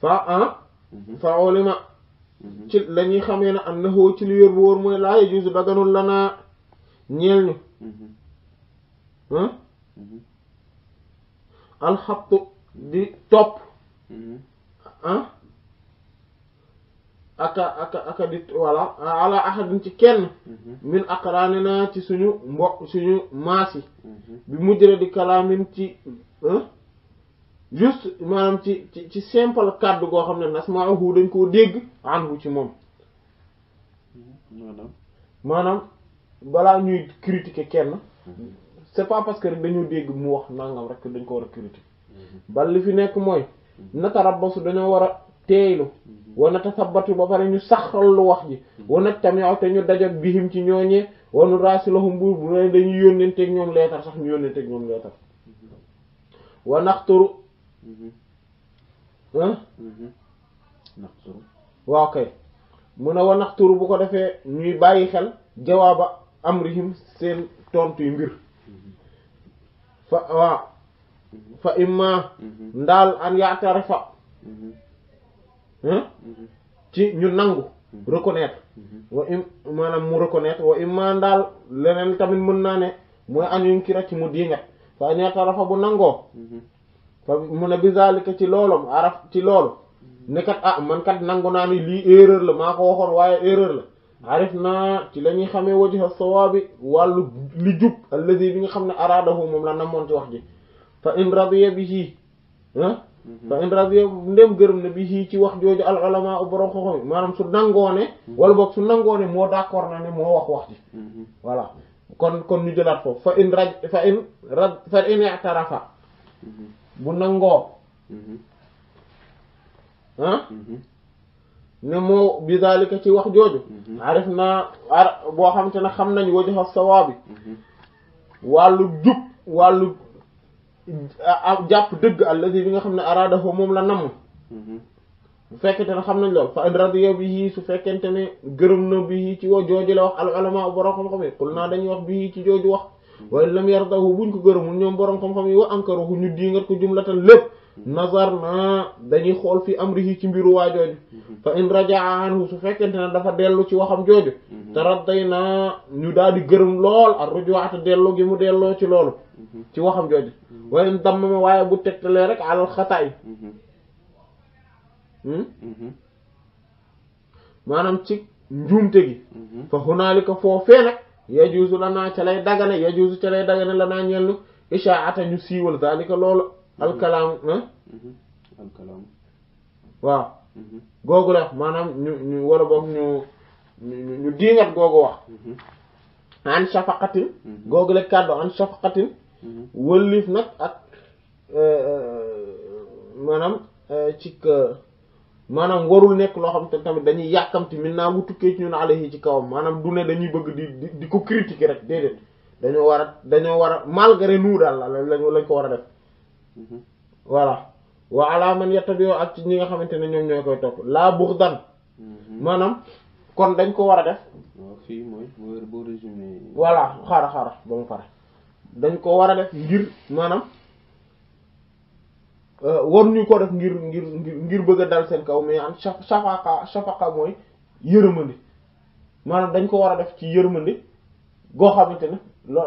fa an mhm. fa ulima mhm. ci lañi xamé na annahu ci li yor woor moy la yajuz baganu lana ñel ñu hmm mhm. al khat di top hmm aka aka aka di wala ala ahadin ci kenn min aqranina ci suñu mbok suñu masi bi mujjere di kalamin ci hmm juste maanaam ci ci ci simple kàddu goo xam ne nasma'uhu dañ koo dégg anhu ci moom maanaam balaa ñuy critiquer kenn c'est pas parce que rek dañoo dégg mu wax nangam rek dañ ko war a critiquer mhm. bal li fi nekk mooy mhm. natarabbasu dañoo war a teeylu mhm. wa natasabbatu ba pare ñu saxal lu wax ji wa natami'u te ñu daja dajak bihim ci ñooñee wa nurasiluhum bu bu dañuy yónnenteeg ñoom leetar sax ñu yónnenteeg ñoom leetar wa naqturu waaw kay mu ne wa naxturu bu ko defee ñuy bàyyi xel jawaaba amrihim seen tontu yi mbir fa waaw fa imma ndaal an yaatare fa ci ñu nangu reconnaitre wa im maanaam mu reconnaitre wa imma ndaal leneen tamit mën naa ne mooy an yuñ kira ci mu diingat fa an yaatare fa bu nangoo fa mu ne bizalika ci lolom araf ci lol ne kat ah man kat nanguna ni li erreur la mako waxon waye erreur la arif na ci la xamé wajha sawab walu li jub alladhi bi nga xamné aradahu mom la namon ci wax ji fa in radiya bihi fa in radiya ndem geureum na bihi ci wax jooju al ulama borom xoxo manam su nangone ne wala boog su nangone mo d'accord na ne mo wax wax ji voilà kon kon ñu jëlat foofu fa in fa in rad fa in i'tarafa bu nangoo ah mm-hmm. mm-hmm. ne moo bi daalika ci wax jooju mm-hmm. arif naa boo xam te ne xam nañ wajaxa sawaabi wàllu jub wàllu jàpp dëgg allazi bi nga xam ne araadahu moom la namm bu fekkente ne xam nañ lool fa in radiya bihi su fekkente ne gërëm na bihi ci wa jooju la wax al ulama borom xam-xam yi qul naa dañuy wax bihi ci jooju wax wa lam yardahu buñ ko gërëmul ñoom borom xam-xam yi wa ankaruhu ñu diingat ko jumlatal lépp nazar na dañuy xool fi am amrihi ci mbiru waa jooju fa in rajaa anhu su fekkente ne dafa dellu ci waxam jooju mhm. taradday na ñu daal di gërëm lool ak rujuwaata dellu gi mu delloo ci loolu mhm. ci waxam jooju mhm. wa in dammama waaye bu teg tegtalee rek alal xataay hmm? maanaam ci njuumte gi fa hunaalika foofee nag yajuusu lanaa ca lay dagane yajuusu ca lay dagane lanaa ñeel nu ishaata ñu siiwal zalika loolu alkalaam mm-hmm. waaw mm-hmm. googu la maanaam ñu ñu wala boog ñu ñu diingat googu wax mm-hmm. an shafaqatin googu la kàddu an shafaqatin wëllif nag ak euh, euh, maanaam euh, ci maanaam warul nekk loo xam te tamit dañuy yàkkamti min naa mu tukkee ñu ñun alayhi ci kawam maanaam du ne dañuy bëgg di di di ko critiquer rek déedéet dañoo war a dañoo war a malgré nous daal lañ lañ ko war a def mhm. voilà wa ala man yattabi'u ak ci ñi xamante ne ñoom ñoo koy topp laa bughdan mhm. maanaam kon dañ ko war a def fii mooy boo résumé voilà xaara xaara ba mu pare dañ ko war a def ngir maanaam Euh, waruñu ko def ngir ngir ngir bëgg dal seen kaw mais am shafaka shafaka mooy yërmande maanaam dañ ko wara def ci yërmande goo xamante ne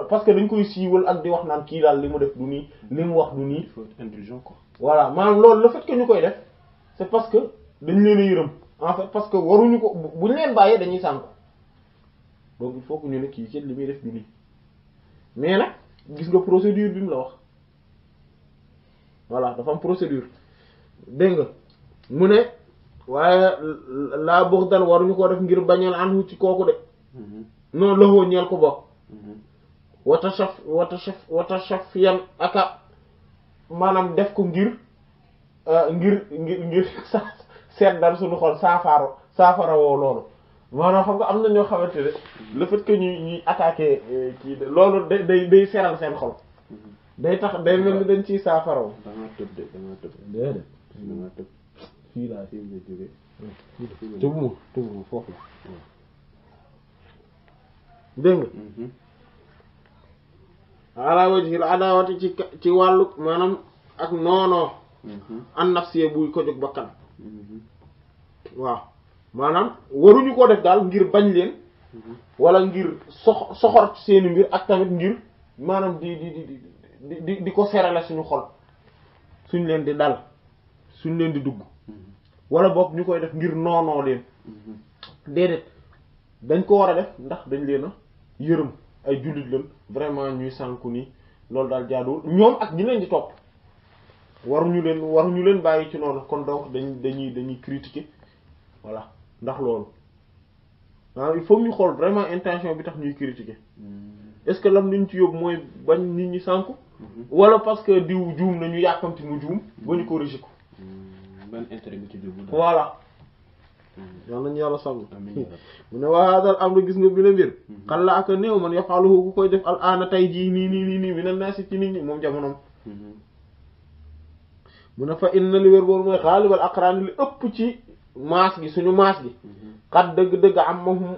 parce que dañ koy siwul ak di wax naan ki dal limu def du ni limu wax du ni il quoi. voilà maanaam lool le fait que ñukoy def c'est parce que dañ leen a en fait parce que waruñu ko buñ leen bàyyee dañuy sanko donc il faut que ñu ne ki ci li muy def du nii mais nag gis nga procédure bi mu la wax. voilà dafa am procédure dégg nga mu ne waaye laa buux dal waruñu ko def ngir bañal anhu ci kooku de mm-hmm. noo loxoo ñeel ko bokk mm-hmm. wata saf wata saf yal saf aka maanaam def ko ngir euh, ngir ngir ngir seet dal suñu xol saafaro saafara woo loolu maanaam xam nga am na ñoo xamante ne le fait que ñuy ñuy attaqué euh, kii de loolu day day day seen xol mm-hmm. day tax day mel ni dañ ci saafaraw. damaa tëb de damaa tëb. déedéet. damaa foofu la. dégg nga. Mhm. ci ci wàllu maanaam ak noonoo. Mhm. an nafsiya buy ko jóg bakkan. Mhm. waaw maanaam waruñu koo def daal ngir bañ leen. wala ngir sox soxor seeni mbir ak tamit ngir maanaam di di di. di di di ko serale suñu xol suñu len di dal suñu len di dugg wala boog ñukoy def ngir nono leen dedet dañ ko wara def ndax dañ leen a ay julit lan vraiment ñuy sanku ni lool dal jaadul ñom ak ñi leen di topp waruñu leen ñu leen bayyi ci nono kon donc dañ dañuy dañuy critiquer voilà ndax lool ah, il faut ñu xol vraiment intention bi tax ñuy critiquer hmm. est-ce que lam ñu ci yob moy bañ nit ñi sanku Mhm. wala parce que diou djoum nañu yakamti mu djoum boñu ñu mhm. corrigé ko. Hmm. benn intérêt bi ci djoum voilà. Hmm. yalla nañu yalla sàmm. mu ne waa hadal amru gis nga bi la bir xal ak a man yaqaluhu ku koy def al ana tay ji ni ni ni nii minan nasi ci nit ñi mom jamonoom. Mhm. mu ne fa inna li wér moy mooy xaalibal aqran li upp ci mas gi suñu mas gi. xat deug deug am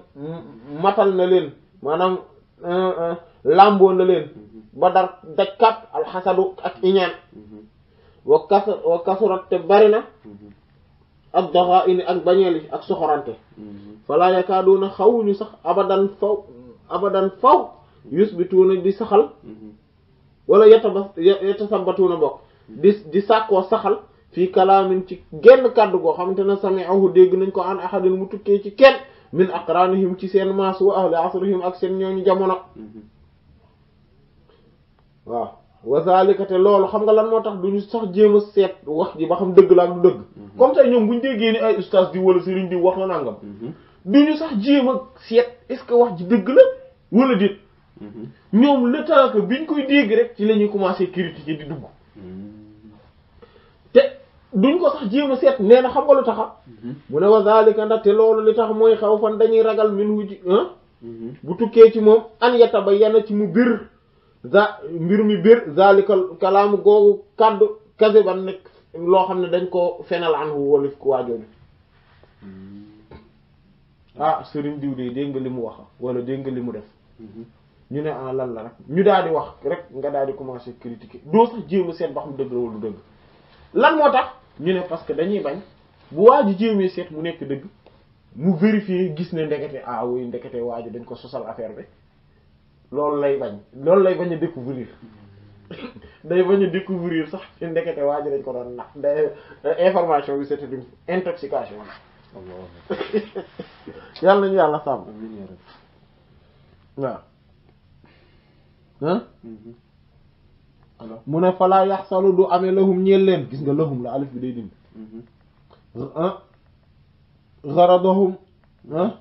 matal na len manam euh, euh, lambo na len ba dar daj kàpp alxasadu ak iñaan mhm. wa kas wa kasurat te bari na mhm. ak doxaa ini ak bañeeli ak soxorante mhm. falaa yakaaduuna xawuñu sax abadan faw abadan faw yusbituuna di saxal wala yetaba yetasabatuuna bokk di di sàkkoo saxal fii kalaamin ci genn kàddu goo xamante ne sami'ahu dégg nañ ko an ahadin mu tukkee ci kenn min aqranihim ci seen maas wa ahli asrihim ak seen ñooñu jamono waaw wazalika te loolu xam nga lan moo tax du ñu sax jéem a seet wax ji ba xam dëgg laa ak dëgg mhm. comme tey ñoom bu ñu déggee ni ay ustaas di wala ñu di wax na nangam mhm. ñu sax jéem a seet est-ce que wax ji dëgg la wala déet mhm. ñoom le temps que biñ koy dégg rek ci la ñuy commencé critiquer di dugg te duñ ko sax jéem a seet nee na xam nga lu taxa mu ne wazalika ndaxte loolu li tax mooy xaw fan dañuy ragal min wu ji bu tukkee ci moom an yata ba yenn ci mu bir za mbir mi biir zalikal kalaamu googu kàddu kase ban nekk loo xam ne dañ ko fenal an wu walif ko waajooju hmm. ah sëriñ diw de dégg nga li mu wax wala dégg li mu def hmm. ñu ne ah lan la rek ñu daal di wax rek nga daal di commencer critiquer doo sax jéem a seet ba xam dëgg la wala du dëgg lan moo tax ñu ne parce que dañuy bañ bu waa ji jéemee seet mu nekk dëgg mu vérifier gis ne ndekete ah oui ndekete waa dañ ko sosal affaire bi loolu lay bañ loolu lay bañ a découvrir mm-hmm. a découvrir sax ci ndekete waa ji ko doon nax day euh, information bi c'était intoxication yàlla nañu yàlla sàmm waaw ah mu ne falaa yaxsalu du amee lahum ñeel leen gis nga lahum la alif bi day dind ah mm-hmm. garadahum ah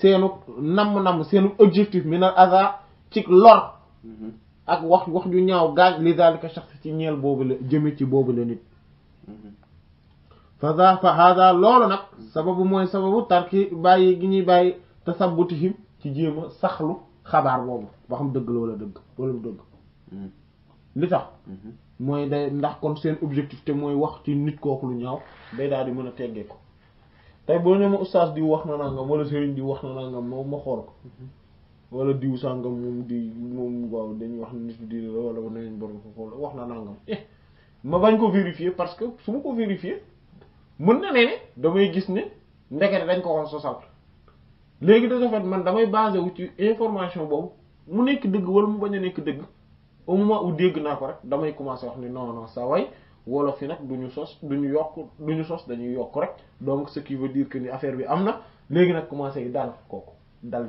seenu namm-namm seenu objectif mi na aza ci lor mm-hmm. ak wax wax yu ñaaw gaañ li zalika shaxs ci ñeel boobu la jëme ci boobu la nit mm-hmm. fa fa hada loolu nag sababu mooy sababu tarki bàyyi gi ñuy bàyyi tasabbutihim ci jéem a saxlu xabaar boobu ba xam dëgg la wala dëgg wala dëgg mm-hmm. li tax mooy day ndax kon seen objectif te mooy wax ci nit kooku lu ñaaw day daal di mën a teggee ko te boo ne ma ustaas di wax na nangam wala sëriñ di wax na nangam moom ma xool ko wala diw sàngam moom di moom waaw dañuy wax nit di la wala ne borom ko xool wax na nangam eh ma bañ ko vérifier parce que su ma ko vérifier mën na ne ne damay gis ne ndekete dañ ko wax sosal léegi de ce fait man damay basé wu ci information boobu mu nekk dëgg wala mu bañ a nekk dëgg au moment où dégg naa ko rek damay commencé wax ni non non sa way wolof yi nag du ñu sos du ñu yokk du ñu sos dañuy yokk rek donc ce qui veut dire que ni affaire bi am na léegi nag commencé dal kooku dal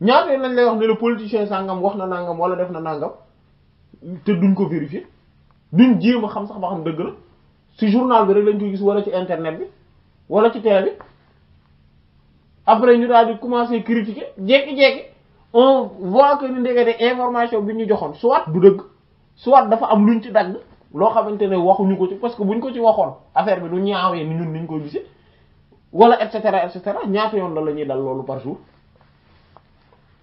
ñaata lañ lay wax ne le politicien sàngam wax na nangam wala def na nangam te duñ ko vérifier duñ jéem a xam sax ba xam dëgg la ci journal bi rek lañ koy gis wala ci internet bi wala ci télé bi après ñu daal di commencer critiquer jékki-jékki on voit que ni ndekete information bi ñu joxoon soit du dëgg suwat dafa am luñ ci dagg loo xamante ne waxuñu ko ci parce que buñ ko ci waxoon affaire bi du ñaawee ni ñun niñ koy gisee wala et cetera et cetera ñaata yoon la la ñuy dal loolu par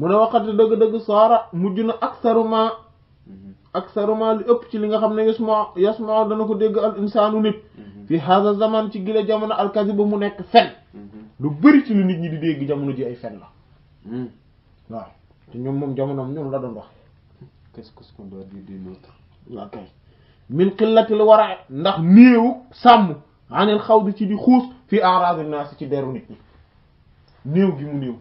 mu ne waxati dëgg-dëgg saara mujj na aksaruma mhm. aksaruma lu ëpp ci li nga xam ne yasma yasma dana ko dégg al insaanu nit mhm. fi hasa zaman ci gile jamono alkasi ba mu nekk fen mhm. lu bari ci lu nit ñi di dégg jamono ji ay fen la hmm. waaw te ñoom moom jamonoom ñoom la doon wax qu'est-ce qu'on doit war a ndax néewu sàmm anil xaw di ci di xuus fi enrage naasi ci deru nit ñi néew gi mu néew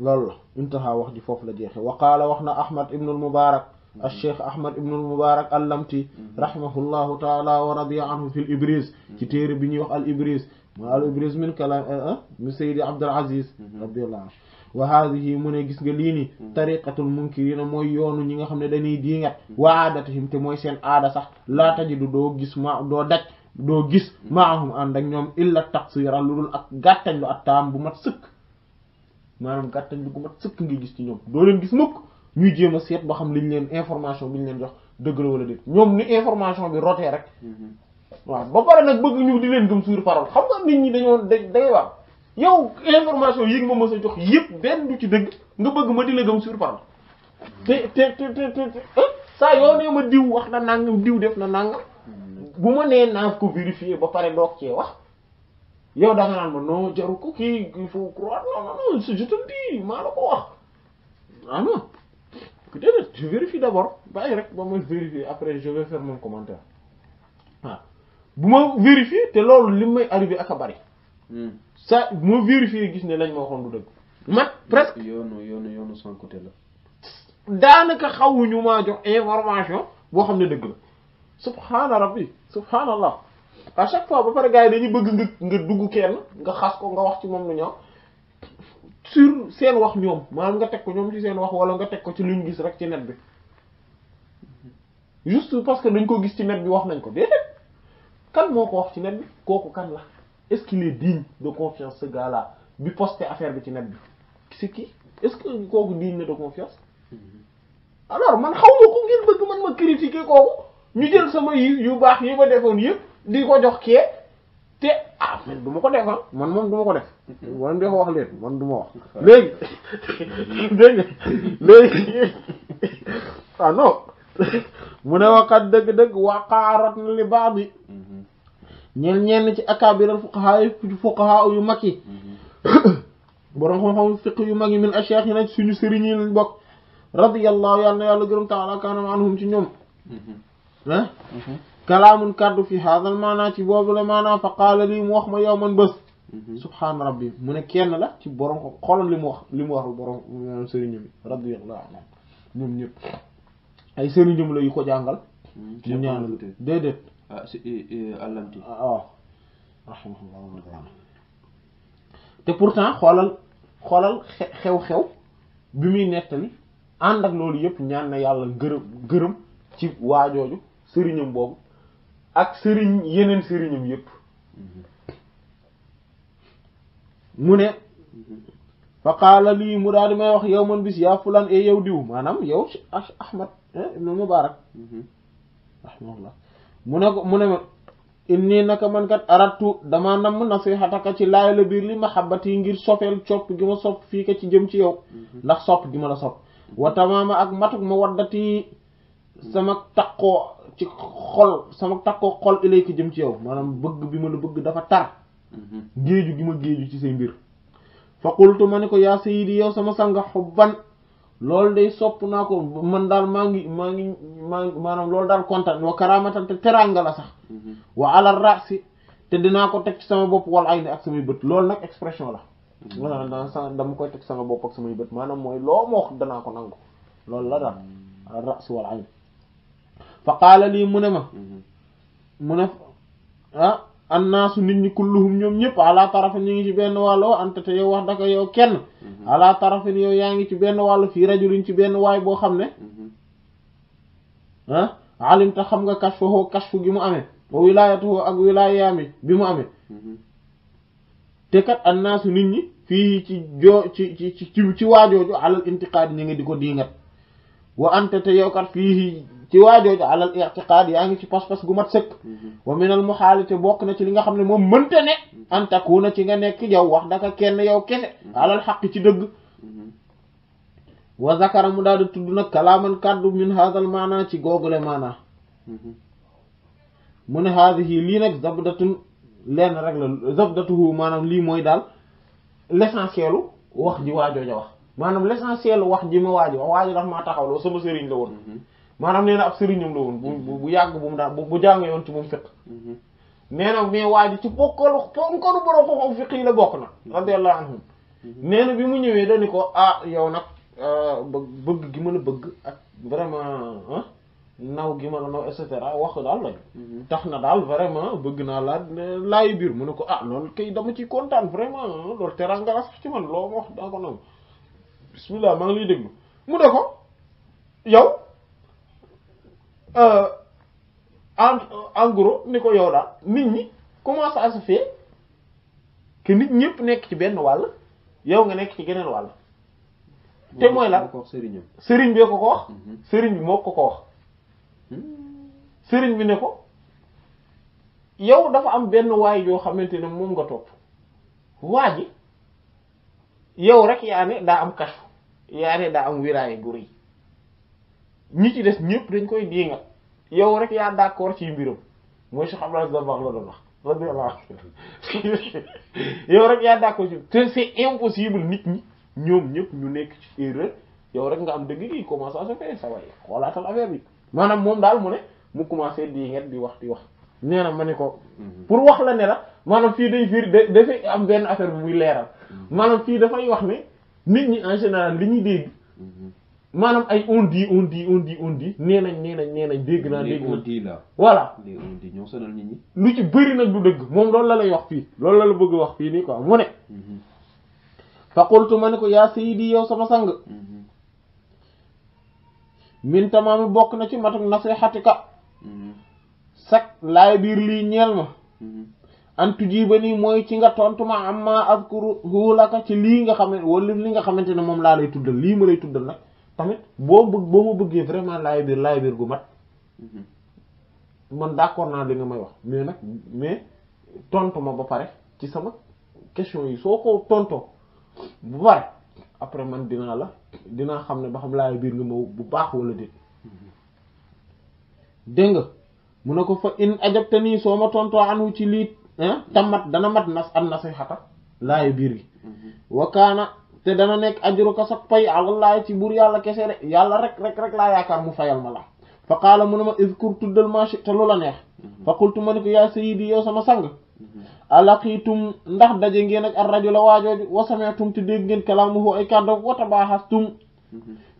loolu la intaha wax ji foofu la jeexee wa qaala wax na ahmad ibnul mubarak alcheikh ahmad ibnul mubarak allamti rahimahullahu taala wa radiya anhu fi l ibris ci téere bi ñuy wax al ibris mooy al ibris min kalaam eh, eh, min saydi abdul aziz radiallahu anhu wa haadihi mu ne gis nga lii ni tariqatul munkirina mooy yoonu ñi nga xam ne dañuy diingat wa aadatihim te mooy seen aada sax laa tajidu doo gis ma doo daj doo gis maahum ànd ak ñoom illa taqsira lu dul ak gàttañ lu attaam bu mat sëkk maanaam kàttan gu mat sëkk ngay gis ci ñoom doo leen gis mukk ñuy jéem a seet ba xam liñ leen information bi ñu leen jox dëgg la wala déet ñoom ni information bi rotee rek mm-hmm. waaw ba pare nag bëgg ñu di leen gëm suur parole xam nga nit ñi dañoo da day waaw yow information yi nga ma mës a jox yëpp benn du ci dëgg nga bëgg ma di la gëm suur parole mm-hmm. te te te te te eh, saa yoo nee ma diw wax na nangam diw def na nangam mm-hmm. bu ma nee naa ko vérifier ba pare doog cee wax yow da nga naan ma non jaru ko kii il faut croire non non non maa la ko wax ah non déedéet je vérifie d'abord bàyyi rek ba ma vérifier après je vais commentaire ah. bu ma vérifier te loolu li may arrivé ak a bari hmm. ça ma vérifier gis ne lañ ma waxoon du dëgg man presque yoonu yoonu yoonu côté la daanaka xawuñu maa jox information boo xam ne dëgg la subhaana rabbi à chaque fois ba pare gaay dañu bëgg nga nga duggu kenn nga xass ko nga wax ci mom ñoo sur seen wax ñoom manam nga tek ko ñoom ci seen wax wala nga tek ko ci luñu gis rek ci net bi juste parce que dañ ko gis ci net bi wax nañ ko déedéet kan moko wax ci net bi koku kan la est-ce qu'il est digne de confiance ce gars-là bi poster affaire bi ci net bi c'est qui est-ce que koku digne de confiance alors man xaw ko ngeen bëgg man ma critiquer koku ñu jël sama yu yu yi ma defoon yépp di ko jox kii te ah man du ma ko def ah man moom du ma ko def man de wax leen man du ma wax léegi dégg nga ah non mu ne waxaat dëgg-dëgg waqaarat na li baax bi ñeen ñenn ci akaabiral fuqahaa yu fuqahaa yu mag yi borom xam-xam fiq yu mag yi min asheex yi nag suñu sëriñ yi lañ bokk radiyallahu yàlla na yàlla gërëm taala kaanam anhum ci ñoom mm-hmm. kalamun kàddu fi haadal maanaa ci boobu la maanaa fa qaala lii mu wax ma yow man bés mhm. subhaana rabbi mu ne kenn la ci borom ko xoolal li mu wax li mu wax borom sëriñ bi radiyallahu anhu ñoom ay la yu ko mhm. ñu ah, ah, te pourtant xolal xolal xew-xew bi muy netali and ak loolu ñaan na yàlla ci sëriñam boobu ak sëriñ yeneen sëriñam yépp mu ne fa qaala mu daal di may wax yow man bis yaa fulaan e yow diw maanaam yow ahmad eh, ibnu mu ne ko mu ne ma inni naka man kat aratu dama namm nasihataka ci laay la biir li mahabbat yi ngir sofeel copp gi sopp fii ka ci jëm ci yow mm-hmm. ndax sopp gi matuk ma waddati sama takko ci xol sama takko xol ilay ko jëm ci yow maanaam bëgg bi mëna bëgg dafa tar mhm. géeju gi ma géeju ci sey mbir fa qultu maniko ya ko sayyidi yow sama sanga hubban lol day sopp nako man dal mangi mangi manam lol dal kontan wa karamatan te teranga la sax mhm. wa ala raasi te dina ko tek ci sama bop wala ayni ak sama beut lol nak expression la mhm. maanaam daa dam ko tek sama bop ak sama beut manam moy lo mo wax ko nangu lol la dal wal wala fa qaala lii mu mhm. ah annaasu nit ñi kulluhum ñom ñep ala taraf ñi ngi ci ben walu oo te yow wax daka yow kenn mhm. ala ñi yow yaangi ci benn wàll fii rajulin ci ben way bo xamne mhm. ah alim ta xam nga kashfahu kashfu gi mu amé wa wilayatuhu ak wilayami bi mu amé te kat annaasu nit ñi fi ci ci ci ci ci alal intiqad ñi ngi di diingat wa ante te yow kat fi ci waajooju alal i'tiqaad yaa ngi ci pas-pas gu mat sëkk mhm. bokk na ci li nga xam ne moom mënta ne mhm. an takuna ci nga nekk yow wax daka kenn yow kese mhm. alal ci dëgg mu daal di tudd nag kalaaman kàddu min ci googule maana mu ne haadihi lii nag zabdatun lenn maanaam lii mooy daal l'essentiel wax ji waajooja wax maanaam l'essentiel wax ji ma waajo wax waajo dafa maa taxawloo sama sëriñ la woon manam neena na ab serignum lo won bu bu yàgg bu mu bu jang yon ci mum fiq mhm. neena na waji waa ji ci bokkalu ponkalu borom xam-xam fiq yi la bokk na mhm. radiyallahu anhu mhm. neena bi mu ñewé dañ ko ah yow nak ah, bëgg gi mëna bëgg ak vraiment hein ah, naw gi mëna naw et cetera wax dal lañ tax na vraiment bëgg na la lay bir mu ne ko ah lool kay dama ci contane vraiment ah, lool teranga la sax ci man lo ma wax da ko naw bismillah ma ngi lay deglu mu ko yow Euh, en ni ko yow daal nit ñi comment ça se fait nit ñëpp nekk ci benn wàll yow nga nekk ci geneen wàll. te mooy la sëriñ bee ko ko wax. Mm-hmm. sëriñ bi moo ko ko wax. Hmm. sëriñ bi ne ko yow dafa am benn waay yoo xamante ne moom nga topp waa ji yow rek yaa ne daa am kasu yaa ne daa am wilaaye gu rëy ñi ci des ñëpp dañ koy diinga yow rek yaa d'accord ci mbiram mooy Cheikh Abdoulaye Dabakh la doon wax radiyallahu yow rek yaa d'accord ci te c'est impossible nit ñi ñoom ñëpp ñu nekk ci erreur yow rek nga am dëgg gi comment ça se sa way xoolaatal affaire bi maanaam moom daal mu ne mu commencé di di wax di wax nee na ma ne ko mhm. pour wax la ne la maanaam fii day fiir da dafay am benn affaire bu muy leeral mhm. maanaam fii dafay wax ne nit ñi en li ñuy dégg mhm. manam ay undi undi undi undi nenañ nañ nee deg nee nañ dégg wala dégg naa voilà ñoo sonal nit ñi lu ci bëri nak du deug mom loolu la lay wax fi loolu la la bëgg wax fi ni quoi mu ne mhm. fa qultu ko yow sama sang mhm. min tamam bok na ci matak nasihatika mhm. sak lay bir li ñeel ma an tujiba ci nga tontu ma amma azkuruhu ka ci li nga xamne wala li nga xamantene mom la lay tuddal li ma lay tuddal nak tamit boo bëgg boo ma bëggee vraiment laay biir laay biir gu mat mhm. man d'accord naa li nga may wax mais nag mais tontu ma ba pare ci sama question yi soo ko tontoo bu pare après man dinaa la dinaa xam ne ba xam laay biir nga ma bu baax wala déet mhm. dégg nga mu ne ko fa in ajabte nii soo ma tontoo anu ci lii tam mat dana mat nas an nasiixata laay biir gi mhm. wakaana te dana nekk ajru ka sak pay àlallaahi ci buur yàlla kese de rek rek rek laa yaakaar mu fayal ma la fa qaala mu ne ma izkur tuddal ma shi te lu la neex fa qultu ma ne ko yaa sayyidi yow sama sang alaqiitum ndax daje ngeen ak ar rajula waajooju wa sami'tum te dégg ngeen kalaamuhu ay kàddoom wa tabaaxastum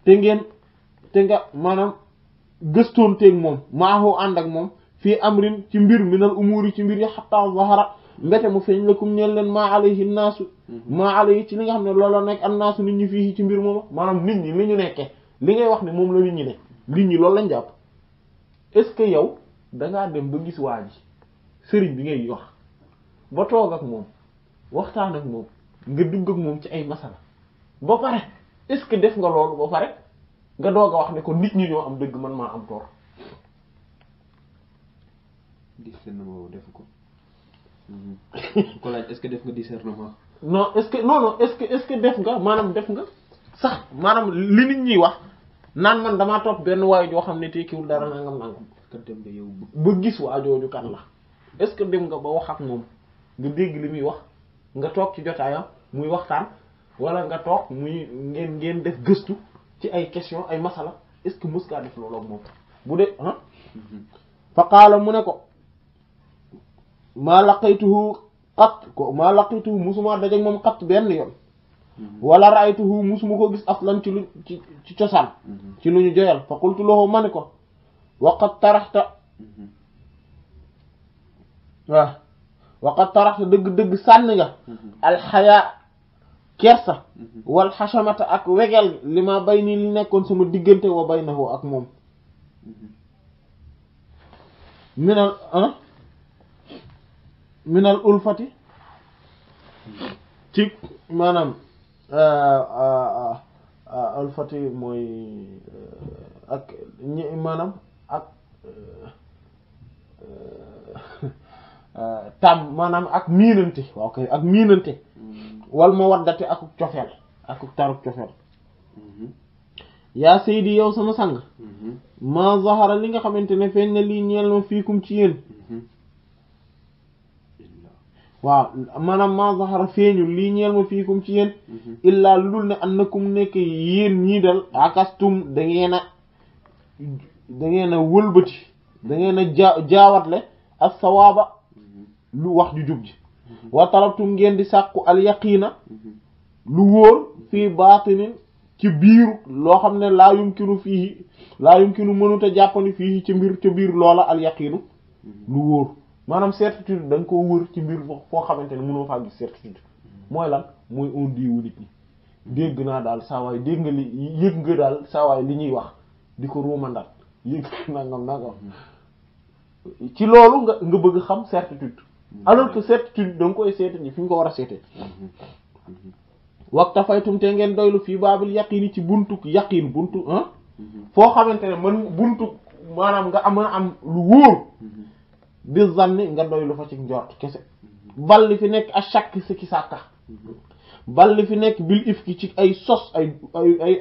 te ngeen te nga maanaam gëstoonteeg moom maahu ànd ak moom fii amrin ci mbir minal umuri ci mbir yi xataa zahara mbete mu feeñ la kum ñeel leen maa alayhi naasu mhm. maa alayhi ci li nga xam ne looloo nekk an naasu nit ñi fii ci mbir mooma maanaam nit ñi li ñu nekkee li ngay wax ne moom la nit ñi ñi loolu lañ jàpp est ce que yow dangaa dem ba gis waa ji sëriñ bi ngay wax ba toog ak moom waxtaan ak moom nga dugg ak moom ci ay masala ba pare est ce que def nga loolu ba pare nga doog a wax ne ko nit ñi ñoo am dëgg man maa am toor ko laaj est ce que def nga discernement non est ce que non non est ce que est ce que def nga maanaam def nga sax maanaam li nit ñi wax naan man damaa topp benn waay joo xam ne tekkiwul dara nangam nangam kan dem nga yow ba gis waa jooju kan la est ce que dem nga ba wax ak moom nga dégg li muy wax nga toog ci jotaayam muy waxtaan wala nga toog muy ngeen ngeen def gëstu ci ay question ay masala est ce que mës ngaa def loolu ak moom bu ah? mhm. fa qaala mu maa laqaytuhu xat ko maa laqaytuhu musuma dajeeg moom xat benn yoon mhm. wala raaytuhu musuma ko gis aslan ci lu ci cosaan mhm. ci lu ñu joyal fa qultu lahu ma ni ko waqat taraxta mhm. waaw waqat taraxta dëgg-dëgg sànni nga alxayaa kersa wal xasamata ak wegel li ma bay nii li nekkoon sama diggante wa baynahu ak moom minal ah? minal ulfati ci maanaam euh, euh, euh, ulfati mooy ak ñi maanaam ak tam maanaam ak miinante waaw kay ak miinante mm-hmm. wal mawaddati ak cofeel ak taruk cofeel mm-hmm. yaa saydi yow sama sang mm-hmm. ma zahara li nga xamante ne feeñ na lii ñeel ma fiikum ci yéen waaw maanaam maa zahara feeñu lii ñeel ma fiikum ci yéen mhm. illaa lu dul ne annakum nekk yéen ñii dal akastum da ngeen a da ngeen a wëlbati da a jaa ak sawaaba mhm. lu wax ju jub ji mhm. wa talabtum ngeen di sàqu al yaqiina lu wóor fii baatinin ci biiru loo xam ne laa yumkinu fii laa yumkinu mënut a jàppani fii ci mbir ci biir loola al yaqiinu lu wóor maanaam certitude da nga koo wër ci mbir foo xamante ne mënoo faa gis certitude mooy lan mooy on dit wu nit ñi dégg naa daal saawaay dégg nga li yëg nga daal saawaay li ñuy wax di ko ruumandaat yëg nangam nangam ci loolu nga nga bëgg xam certitude alors que certitude da nga koy seete ni fi ko war a seete waxta faytum te ngeen doylu fii baabil yaqin ci buntuk yaqin buntu mhm. foo xamante ne man buntu maanaam nga am am lu wóor mhm. bi zanni nga doy lu fa ci njort kese bal fi nekk a shakk sikki sàkka bal fi nekk bil if ki ci ay sos ay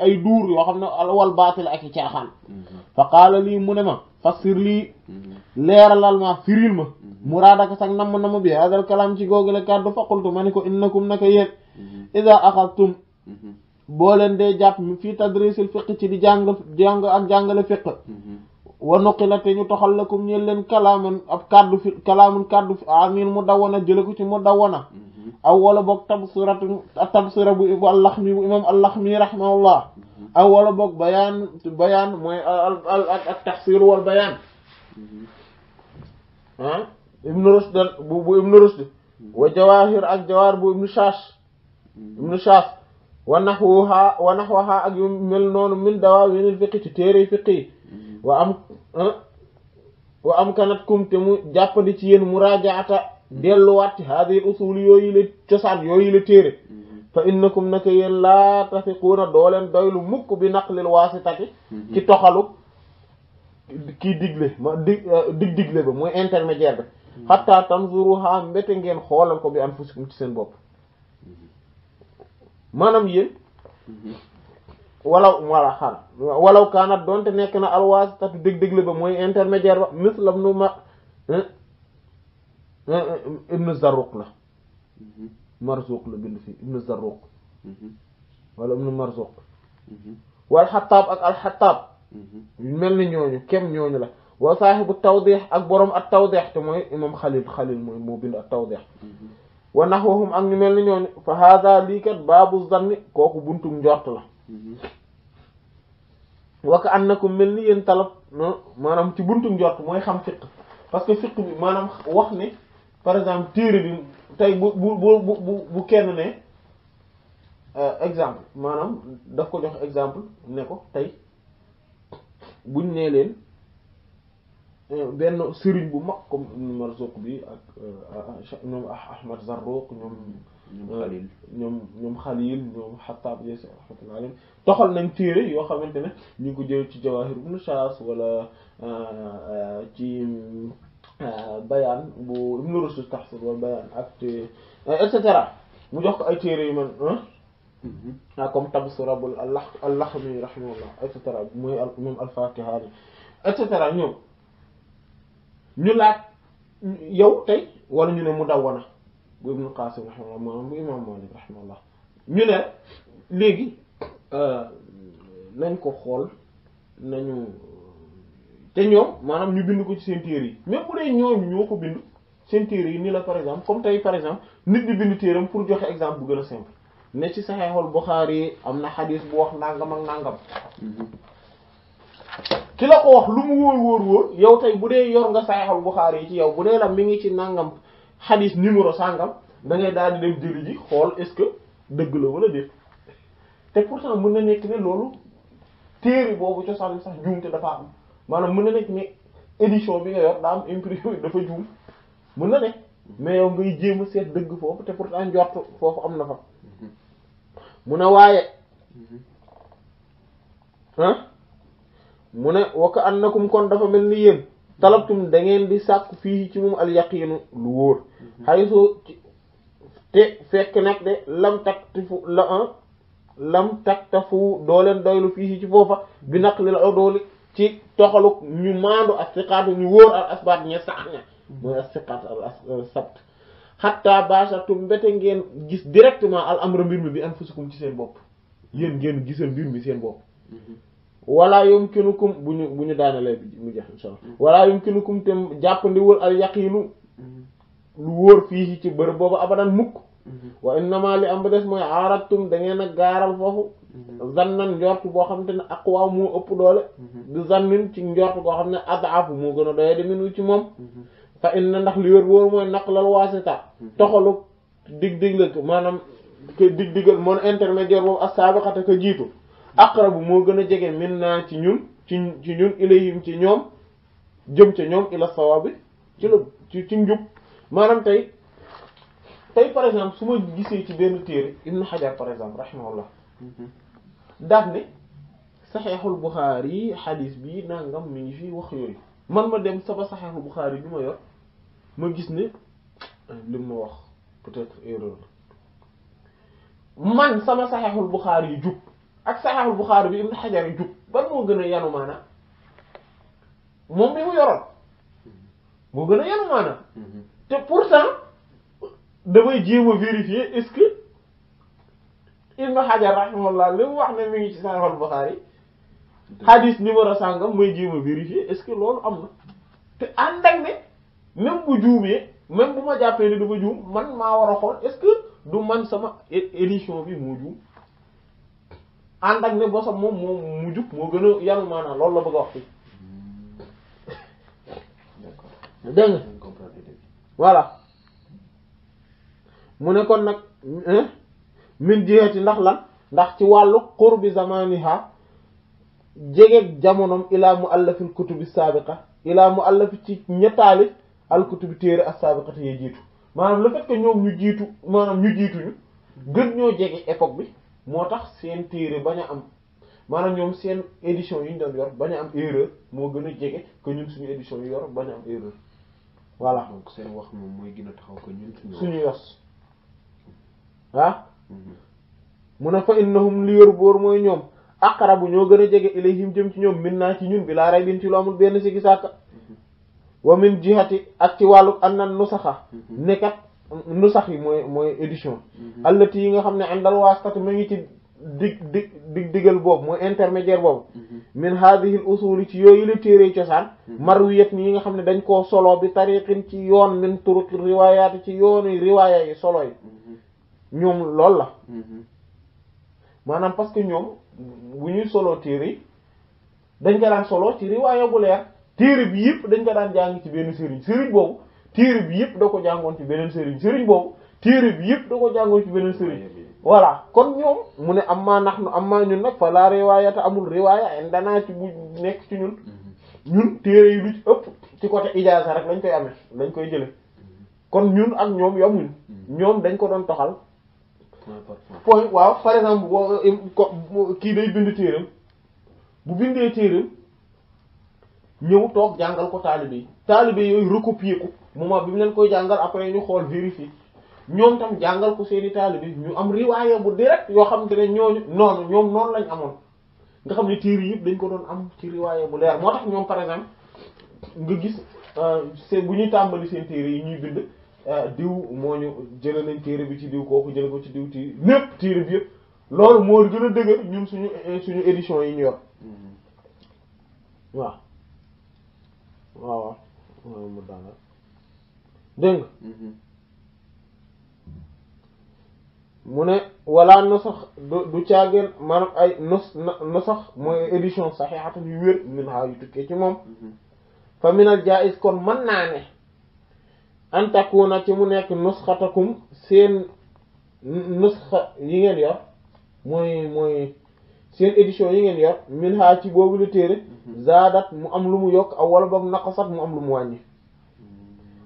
ay duur yoo xam ne wal baatil ak i caaxaan mhm. fa qaala lii mu ne ma fassir lii mhm. leeralal ma firil ma mhm. muraadaka sax nam nam bi hadal kalaam ci googu kàddu faqultu ma ni ko innakum naka yéen ida axadtum boo leen dee jàpp mi fii tadrisil fiq ci di jàng jàng ak jàngale fiq wa nuqila te ñu toxal lakum ñeen leen kalaaman ab kàddu fi kalaaman kàddu fi amin mu dawana jële ko ci mu dawana aw wala boog tabsiratu tabsira bu allaxmi bu imam allaxmi rahimahullah aw wala boog bayaan bayaan mooy ak taxsir wal bayaan ah ibnu rushd bu bu ibnu rushd wa jawahir ak jawaar bu ibnu shash ibnu shash wa naxwaha wa naxwaha ak yu mel noonu min dawaawinil fiqi ci téere fiqi wa am wa am kanat kum te mu jàppandi ci yéen muraajaata delluwaat ci haadihi usul yooyu la cosaan yooyu la téere mm-hmm. fa innakum naka yéen laa tafiquuna doo leen doylu mukk bi naqlil waasitati mm-hmm. ci toxalu ki digle ma dig euh, dig digle ba mooy intermédiaire ba xatta mm-hmm. tanzuruha mbete ngeen xoolal ko bi anfusikum ci seen bopp maanaam yéen walaw wala xanaa walaw kaanat donte nek na alwas alwaasitatu deg deg le ba moy intermédiaire ba mislam nu ma ibn Zarruq la Marzuq la bind fi ibn Zarruq wala ibn Marzuq wal hattab ak al hattab mel ni ñooñu kem ñooñu la wa sahibu tawdih ak borom at tawdih te moy imam khalil khalil moy mo bind at tawdih wa nahwuhum ak ñu melni ñooñu fa hada lii kat baabu zanni koku buntu njort la na mm-hmm. ko mel ni yéen talab maanaam ci buntum njort mooy xam fiq parce que fiq bi maanaam wax ne par exemple téere bi tey bu bu bu bu bu kenn ne euh, exemple maanaam daf ko jox exemple ne ko tey buñ nee leen euh, benn sëriñ bu mag comme Ibn Marzuq bi ak ñoom euh, Ahmad Zarruq ñoom ñom khalil ñom ñoom xalil ñoom xattaab yees alayhim toxal nañ téere yoo xamante ñu ko jël ci jawahir ibn Shas wala ci bayan bu ibn rusul tahsil wala bayan ak et cetera mu jox ko ay téré yu man ah comme Tabsira bu Allah al rahimahullah et cetera mooy al al-Fatiha et cetera ñoom ñu laaj yow tey wala ñu ne mu dawana bu ibnu qasim raximahullah maanaam bu imam malik raximahullah ñu ne léegi euh, nañ ko xool nañu te ñoom maanaam ñu bind ko ci seen téere yi même bu dee ñooñu ñoo ko bind seen téere yi nii la par exemple comme tey par exemple nit bi bind téeram pour joxe exemple bu gën a simple ne ci saxeexul Buxaari am na xadis bu wax nangam ak nangam ki la ko wax lu mu wóor wóor wóor yow tey bu dee yor nga saxeexul Buxaari yi ci yow bu dee la mi ngi ci nangam xadis numéro sàngam da ngay daal di dem jëli ji xool est-ce que dëgg la wala déet te pourtant mën na nekk ne loolu téere boobu cosaan bi sax juum te dafa am maanaam mun na nekk ne édition bi nga yor daa am imprimé dafa juum mën na nekk mais yow ngay jéem a seet dëgg foofu te pourtant njort foofu am na fa mu ne waaye ah mu ne wakka annakum kon dafa mel ni yéen talabtum dangeen di sàkku fii ci moom al yaqiinu lu wóor xayso mhm. te fekk nag de lam taktifu la un ah, lam taktafu fu leen doylu fii ci foofa bi naq la odooli ci toxaluk ñu maandu ak siqaatu ñu wóor al asbaat ñe sax ña mooy ak al sabt xatta baasatu mbete ngeen gis directement al amra mbir mi bi anfusukum ci seen bopp yéen ngeen gisal mbir mi seen bopp mhm. wala yumkinukum bu ñu bu ñu daanalee bi mu jeex insha allah mm-hmm. wala yumkinukum te jàppandiwul al yaqiinu mm-hmm. lu wóor fii ci bërëb boobu abana mukk mm-hmm. wa innama li am ba des mooy aaratum da ngeen a gaaral foofu zannan njort boo xam te ak aqwa moo ëpp doole di zannin ci njort koo xam ne adaafu moo gën a doye de minu ci moom fa inna ndax li wér wóor mooy naqlal waasita toxalu dig dig la maanaam ke dig digal moon intermédiaire boobu as-sabiqata ka jiitu aqrabu moo gën a jege min ci ñun ci ci ñun ilayhim ci ñoom jëm ca ñoom ila sawabi ci la ci ci njub maanaam tey tey par exemple su ma gisee ci benn téere Ibn Hajar par exemple rahimahullah daat ne saxeexul Buxaari xadiis bi nangam mi ngi fi wax yooyu man ma dem sama saxeexul Buxaari bi ma yor ma gis ne li ma wax peut-être erreur man sama saxeexul Buxaari yi jub ak sahih bukhari bi Ibn Hajar yi ban mo gëna yanu mana mom bi mu yoro mo gëna yanu mana te pourtant damay jéem a vérifier est-ce que Ibn Hajar rahimahullah lim wax na mi ngi ci sahih bukhari hadith numéro sàngam mooy jéem a vérifier est-ce que loolu am na te andak ne même bu juumee même bu ma jàppee ne dafa juum man ma wara xol est-ce que du man sama édition bi mo juum ànd ak ne bosam moom moo mu jub moo gën a yanu maanaam loolu la bëgg a wax fii dégg voilà mu ne kon nag min yi ndax lan ndax ci wàllu qurbi zamaniha jegeeg jamonom ilaa mu allafil kutubi saabiqa ilaa mu allafi ci ñettaali al kutubi téere as saabiqati yee jiitu maanaam le fait que ñu jiitu maanaam ñu jiituñu gën ñoo jege époque bi moo tax seen téere bañ a am maanaam ñoom seen édition yi ñu doon yor bañ a am erreur moo gën a jege que suñu édition yi yor ba a am erreur voilà. seen wax moom mooy gën a taxaw que ñun suñu yos ah. Mm-hmm. mu ne fa innahum li yor boor mooy ñoom aqrabu ñoo gën a jege ilayhim jëm ci ñoom min naa ci ñun bi laa raybin ci lu amul benn sikki sàkk mm-hmm. wa min jihati ak ci wàllu annan nusaxa mm-hmm. nekkat lu sax yi mooy mooy édition mhm. allati yi nga xam ne àndal waasitati ma ngi ci dig dig dig digal boobu mooy intermédiaire boobu mhm. min hadhihi al usul ci yooyu la téere cosaan mhm. marwiyat ni yi nga xam ne dañ koo solo bi tariqin ci yoon min turuq riwaayaati ci yoonu riwaaya yi solo yi ñoom lool la maanaam parce que ñoom bu ñuy solo téere yi dañ ko daan solo ci riwaaya bu leer téere bi yëpp dañ ko daan jàng ci benn sëriñ sëriñ boobu téere bi yëpp da ko jàngoon ci beneen sëriñ sëriñ boobu téere bi yëpp da ko jàngoon ci beneen sëriñ voilà kon ñoom mu ne am maa nax nu am maa ñun nag fa amul riwaaya danaa ci bu nekk ci ñun mhm. ñun téere yi lu ci ëpp ci côté ijaasa rek lañ koy amee lañ koy jële mhm. kon ñun ak ñoom yomuñ mhm. ñoom dañ ko doon toxal point waaw par exemple kii day bind téeram bu bindee téeram ñëw toog jàngal ko taalibe yi taalibe yooyu recopier ko moment bi mu leen koy jàngal après ñu xool vérifier ñoom tam jàngal ko seeni taalibe ñu am riwaaya bu direct yoo xam te ne ñooñu noonu ñoom noonu lañ amoon nga xam ne téere yëpp dañ ko doon am ci riwaaya bu leer moo tax ñoom pare exemple nga gis c'est euh, bu ñuy tàmbali seen téere yi ñuy bind euh, diw moo ñu jëlee nañ téere bi ci diw kooku jëlee ko ci diw téere népp téere bi yëpp loolu moo gën a dëgër ñun suñu euh, suñu édition yi ñu yor mm-hmm. waaw waaw dégg nga mhm. mu ne wala nusax du du caageen maanaam ay nus nusax mooy édition saxiixatu yu wér min yu tukkee ci moom mhm. fa minal jaiz kon man naa ne an takuna ci mu nekk nusxatakum seen nusxa yi ngeen yor mooy mooy seen édition yi ngeen yor min ci boobu la téere mhm. zaadat mu am lu mu yokk aw wala boog naqasat mu am lu mu wàññi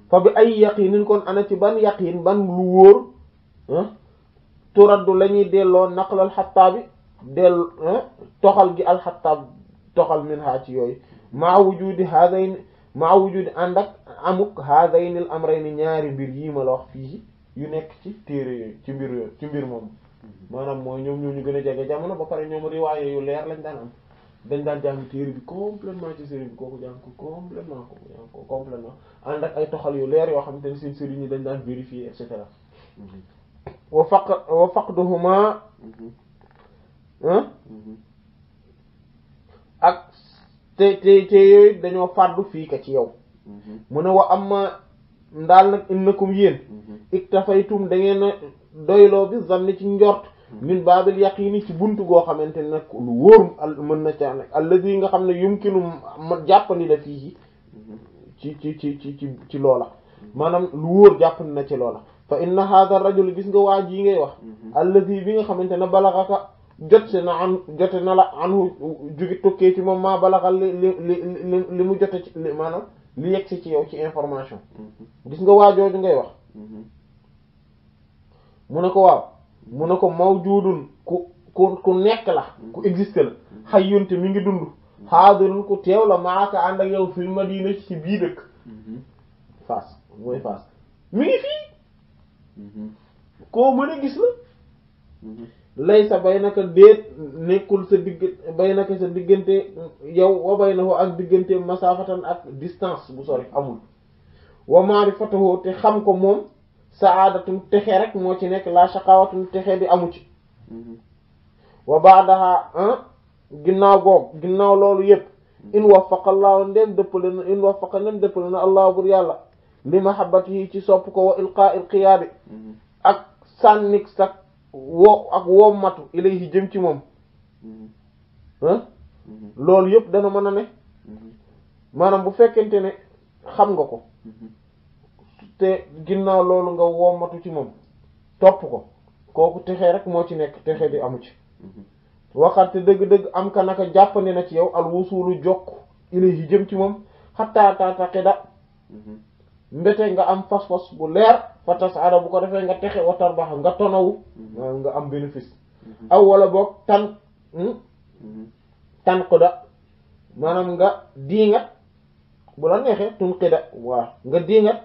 fa bi ay yi yaqinin kon ana ci ban yaqin ban lu wóor turaddu la ñuy delloo naqal alxataabi dell toxal gi alxataab toxal min ha ci yooyu maa wujudi haadayn maa wujudi ànd ak amuk haadaynil amrayni ñaari mbir yii ma la wax fii yu nekk ci téere yooyu ci mbir yooyu ci mbir moom mm-hmm. maanaam mooy ñoom ñoo ñu gën a jege jamono ba pare ñoom riwaaye yu leer lañ daan am dañ daan jàng téere bi complètement ci sëriñ bi kooku jàng ko complètement kooku ak ay toxal yu leer yoo xam te ne seen sëriñ yi dañ daan vérifier et cetera wa faq wa faqduhuma ak te te te yooyu dañoo fàddu fii ko ci yow mu ne wa am ma ndaal nag innakum yéen iktafaytum da ngeen doyloo bi zanni ci njort min baabil yaqiini ci buntu goo xamante ne nag lu wóor mën na caa nekk yi nga xam ne yumkinu ma jàppandi la fii ci ci ci ci ci ci loola maanaam lu wóor jàppandi na ci loola fa inna hadha rajul gis nga waa ji ngay wax allazi bi nga xamante ne balaxaka jot si na an jote na la anu jugi tukkee ci moom maa balaxal li li li li mu jote ci maanaam li yegg ci yow ci information mm-hmm. gis nga waajooju ngay wax mm-hmm. mu ne ko waaw mu ne ko mawjuudun ku ku ku nekk la ku existe la hayyun te mi ngi dund haadirun ku teew la maaka ànd ak yow fil madina ci bii dëkk mhm. Fass mooy Fass ngi fii mhm. koo mën a gis la mhm. lay sa bay naka déet nekkul sa digg bay naka sa diggante yow wa bay na ko ak diggante masaafatan ak distance bu sori amul wa maarifatahu te xam ko moom saadatun texe rek moo ci nekk la shaqawatun texe di amu ci mhm. wa baadaha ah, ginnaaw googu ginnaaw loolu yépp in waffaqa allahu ndem dëppale na in waffaqa ndem dëppale na allahu bur yàlla li mahabbatihi ci sopp ko wa ilqaa ilqiyaadi mhm. ak sànnik sax wo ak wommatu ilayhi jëm ci moom mhm. Ah? loolu yépp dana mën a ne maanaam bu fekkente ne xam nga ko te ginnaaw loolu nga wommatu ci moom topp ko kooku texe rek moo ci nekk texe di amu ci mm-hmm. waxarte dëgg-dëgg am ka naka jàppandi na ci yow al wusulu jokk ilayhi jëm ci moom xattaa tataqida mbete mm-hmm. nga am fas-fas bu leer fa tasada bu ko defee nga texe wa tarbaxa nga tonawu mm-hmm. nga am bénéfice aw wala boog tan hmm? tanqida maanaam nga diingat bu la neexee tunqida waa nga diingat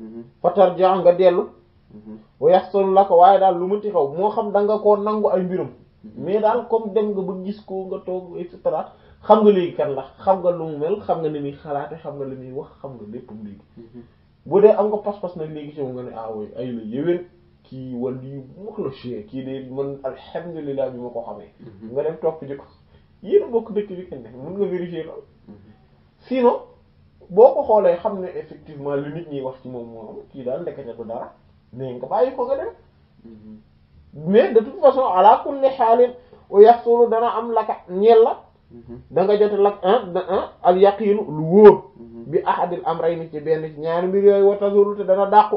Mm-hmm. fatar jaa nga dellu ba mm-hmm. yaxsul la ko waaye daal lu mënti xaw moo xam da nga koo nangu ay mbiram mm-hmm. mais daal comme dem nga ba gis ko nga toog et cetera xam nga léegi kan la xam nga lu mu mel xam nga ni muy xalaate xam nga li muy wax xam nga lépp léegi bu dee am nga pas-pas nag nga ne ah oui ay la yéwén kii wala yu wax la chien kii de man alhamdulilah bi ma ko xamee nga dem topp ji ko yéen bokk dëkk bi kenn mën nga vérifier loolu sinon boo ko xoolee xam ne effectivement lu nit ñi wax ci moom moom kii daal ndekete du dara nee nga bàyyi ko nga dem mm-hmm. mais de toute façon ala kulli xaalin u yaxsulu dana am laka ñeel la mm-hmm. da nga jote lak ah, ah al yaqiinu lu wóor mm-hmm. bi am amrayni ci benn ci ñaari mbir yooyu wa tazulu te dana dàqu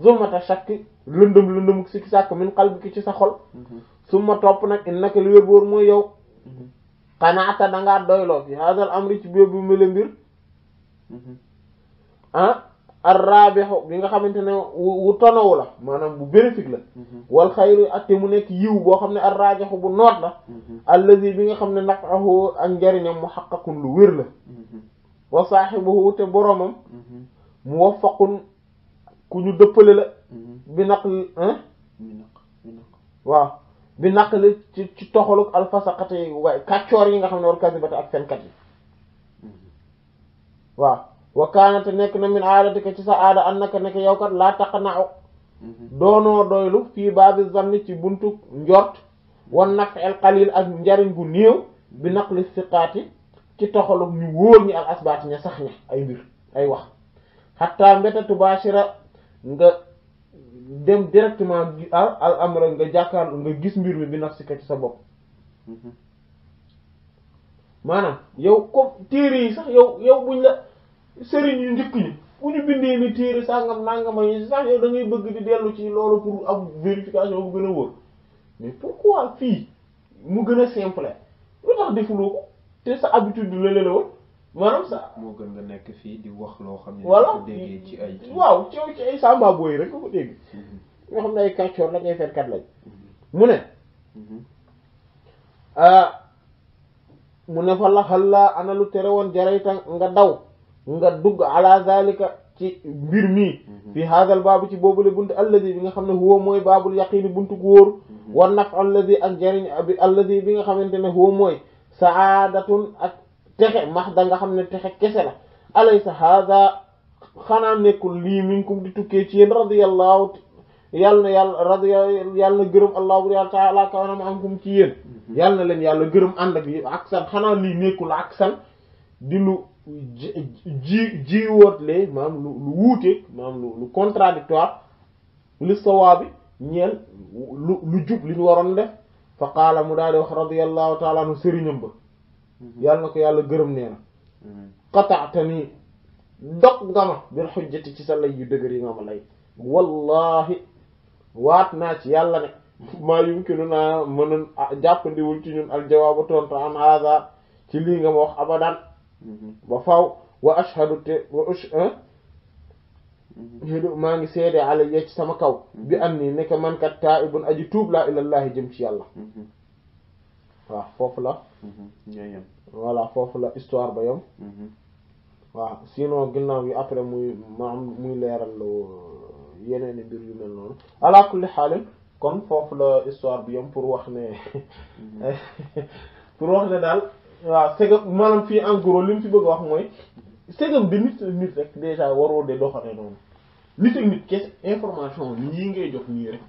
zulmata shakki lëndëm lëndëm sikki sàkk min qalbiki ci sa xol ma topp nag innaka li wér boor mooy yow xanaata dangaa doyloo fi hadal amri ci boobu mbir Mm-hmm. ah arrabixu bi nga xamante ne wu tonawu la maanaam bu bénéfique la mm-hmm. wal xayru atte mu nekk yiw boo xam ne arrabixu bu noot la mm-hmm. allazi bi nga xam ne naqahu ak njariñam mu xaqakun lu wér la wa bu te boromam mu waffaqun ku ñu dëppale la bi naq waaw bi naq li ci ci toxaluk alfasaqate yi waaye yi nga xam ne war kasibata ak fenkat yi waaw wa kaanate nekk na min aadatika ci sa aada annaka nekk yow kat laa taqna'u mhm. doonoo doylu fii baabi zanni ci buntu njort wan naf'il qalil ak njariñ bu néew bi naqli siqaati ci toxalu ñu wóor ñi ak asbaat ña sax ña ay mbir ay wax xatta mbeta tubaashira nga dem directement al amra nga jàkkaarlu nga gis mbir mi bi nafsika ci sa bopp mhm. maanaam yow comme téere yi sax yow buñ la sëriñ yu njëkk ñi bu ñu bindee ni téere sangam nangama yi sax yow dangay bëgg di dellu ci loolu pour am vérification bu gën a wóor mu gën a simple lu tax defuloo ko te sa maanaam sa. moo gën nga nekk fii di wax loo xam ne. voilà ci ay. waaw ci ci ay samba booy rek nga ko dégg. ñoo mhm. xam ne ay kàccoor la ngay fekkat lañ. Mhm. mu ne. Mhm. Ah, mu ne fa la xalla ana lu tere woon jarayta nga daw nga dugg ala zalika ci mbir mii mhm. fi hadal baabu ci boobule buntu alladi bi nga xam ne huwa mooy baabul yaqiini buntu gu wóor mhm. wa naf alladi ak jariñ bi alladi bi nga xamante ne huwa mooy saadatun ak texe max nga xam ne texe kese la alaysa hada xanaa nekkul lii minkum di tukkee ci yéen radiyallahu yàlla na yàlla radi yàlla na gërëm allah bu yàlla taala kawanam ankum ci yéen yàlla na leen yàlla gërëm ànd ak yi ak san xanaa lii nekkul ak san di lu ji jiwóotle maanaam lu lu wuute maanaam lu lu contradictoire li sawaabi ñeel lu lu jub li ñu waroon def fa qaala mu daal di wax radiyallahu taala anhu sëriñam ba yàlla na ko yàlla gërëm nee na qataatani dog nga ma bil xujjati ci sa lay yu dëgër yi nga ma lay wallahi waat naa ci yàlla ne maa yumkinu naa mënun jàppandiwul ci ñun aljawaabu tontu an hada ci lii nga ma wax mhm. ba faw wa ashhadu te wa ashhadu mhm. maa ngi seede ala yecc sama kaw mhm. bi am nii nekk man kat taa'ibun aji tuub laa ilallaahi jëm ci yàlla waaw foofu la foofu la histoire ba yam waaw sinon ginnaaw yi après muy maam muy leeral la yeneen mbir yu mel non ala kulli hal kon fofu la histoire bi yom pour wax ne pour wax ne dal wa sega manam fi en gros lim fi beug wax moy sega bi nit nit rek déjà waro de doxale non nit nit kess information ni ngay jox ni rek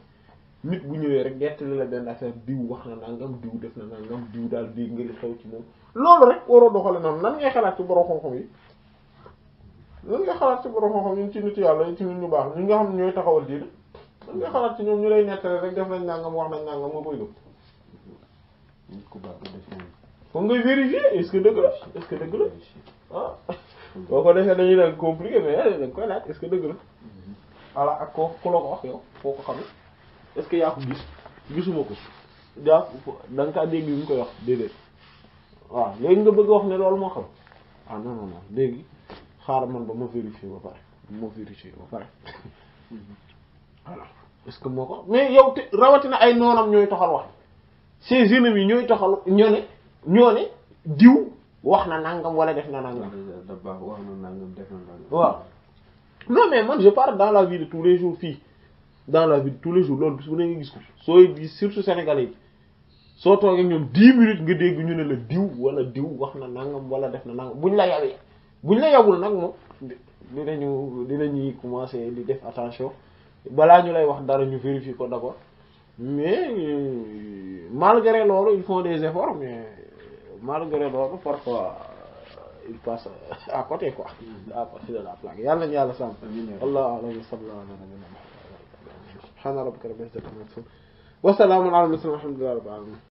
nit bu ñewé rek gett li la ben affaire diw wax na nangam diw def na nangam diw dal di nga xew ci mom lolu rek waro doxale non nan ngay xalat ci borom xom xom yi lan nga xalaat ci borom xam-xam ñun ci nit yàlla ci nit ñu baax ñi nga xam ñooy taxawal diine lan nga xalaat si ñoom ñu lay nettali rek def nañ nangam wax nañ nangam nga koy gëm. kon ngay vérifier est dëgg la est dëgg la ah boo ko defee dañuy nag compliqué mais dañ koy laaj est-ce mm-hmm. ak koo ku la ko wax yow foo ko xam est-ce que ko gis gisuma ko yaa da nga kaa dégg ñu koy wax déedéet waaw léegi nga bëgg wax ne loolu moo xam ah non non non léegi xaaral man ba ma vérifier ba pare ma vérifier ba pare voilà est-ce que moo ko mais yow te rawatina ay noonam ñooy toxal wax ses ennemis yi ñooy toxal ñoo ne ñoo ne diw wax na nangam wala def na nangam. wax na nangam def na nangam. waaw non mais man je parle dans la vie tous les jours fii dans la vie tous les jours loolu bis bu ne nga gis ko sooy gis surtout sénégalais yi soo toogee ñoom 10 minutes nga dégg ñu ne la diw wala diw wax na nangam wala def na nangam buñ la yawee. buñ la yabul nag moom dina ñuy commencé di def attention balaa ñu lay wax dara ñu vérifier ko d'abord mais euh, malgré loolu il font des efforts mais euh, malgré loolu parfois euh, ils passent à côté quoi mm-hmm. à côté yàlla nañu yàlla sàmm allah alayhi wa sallam subhaana rabbika rabbil izzati amma yasifun wa salaamun ala al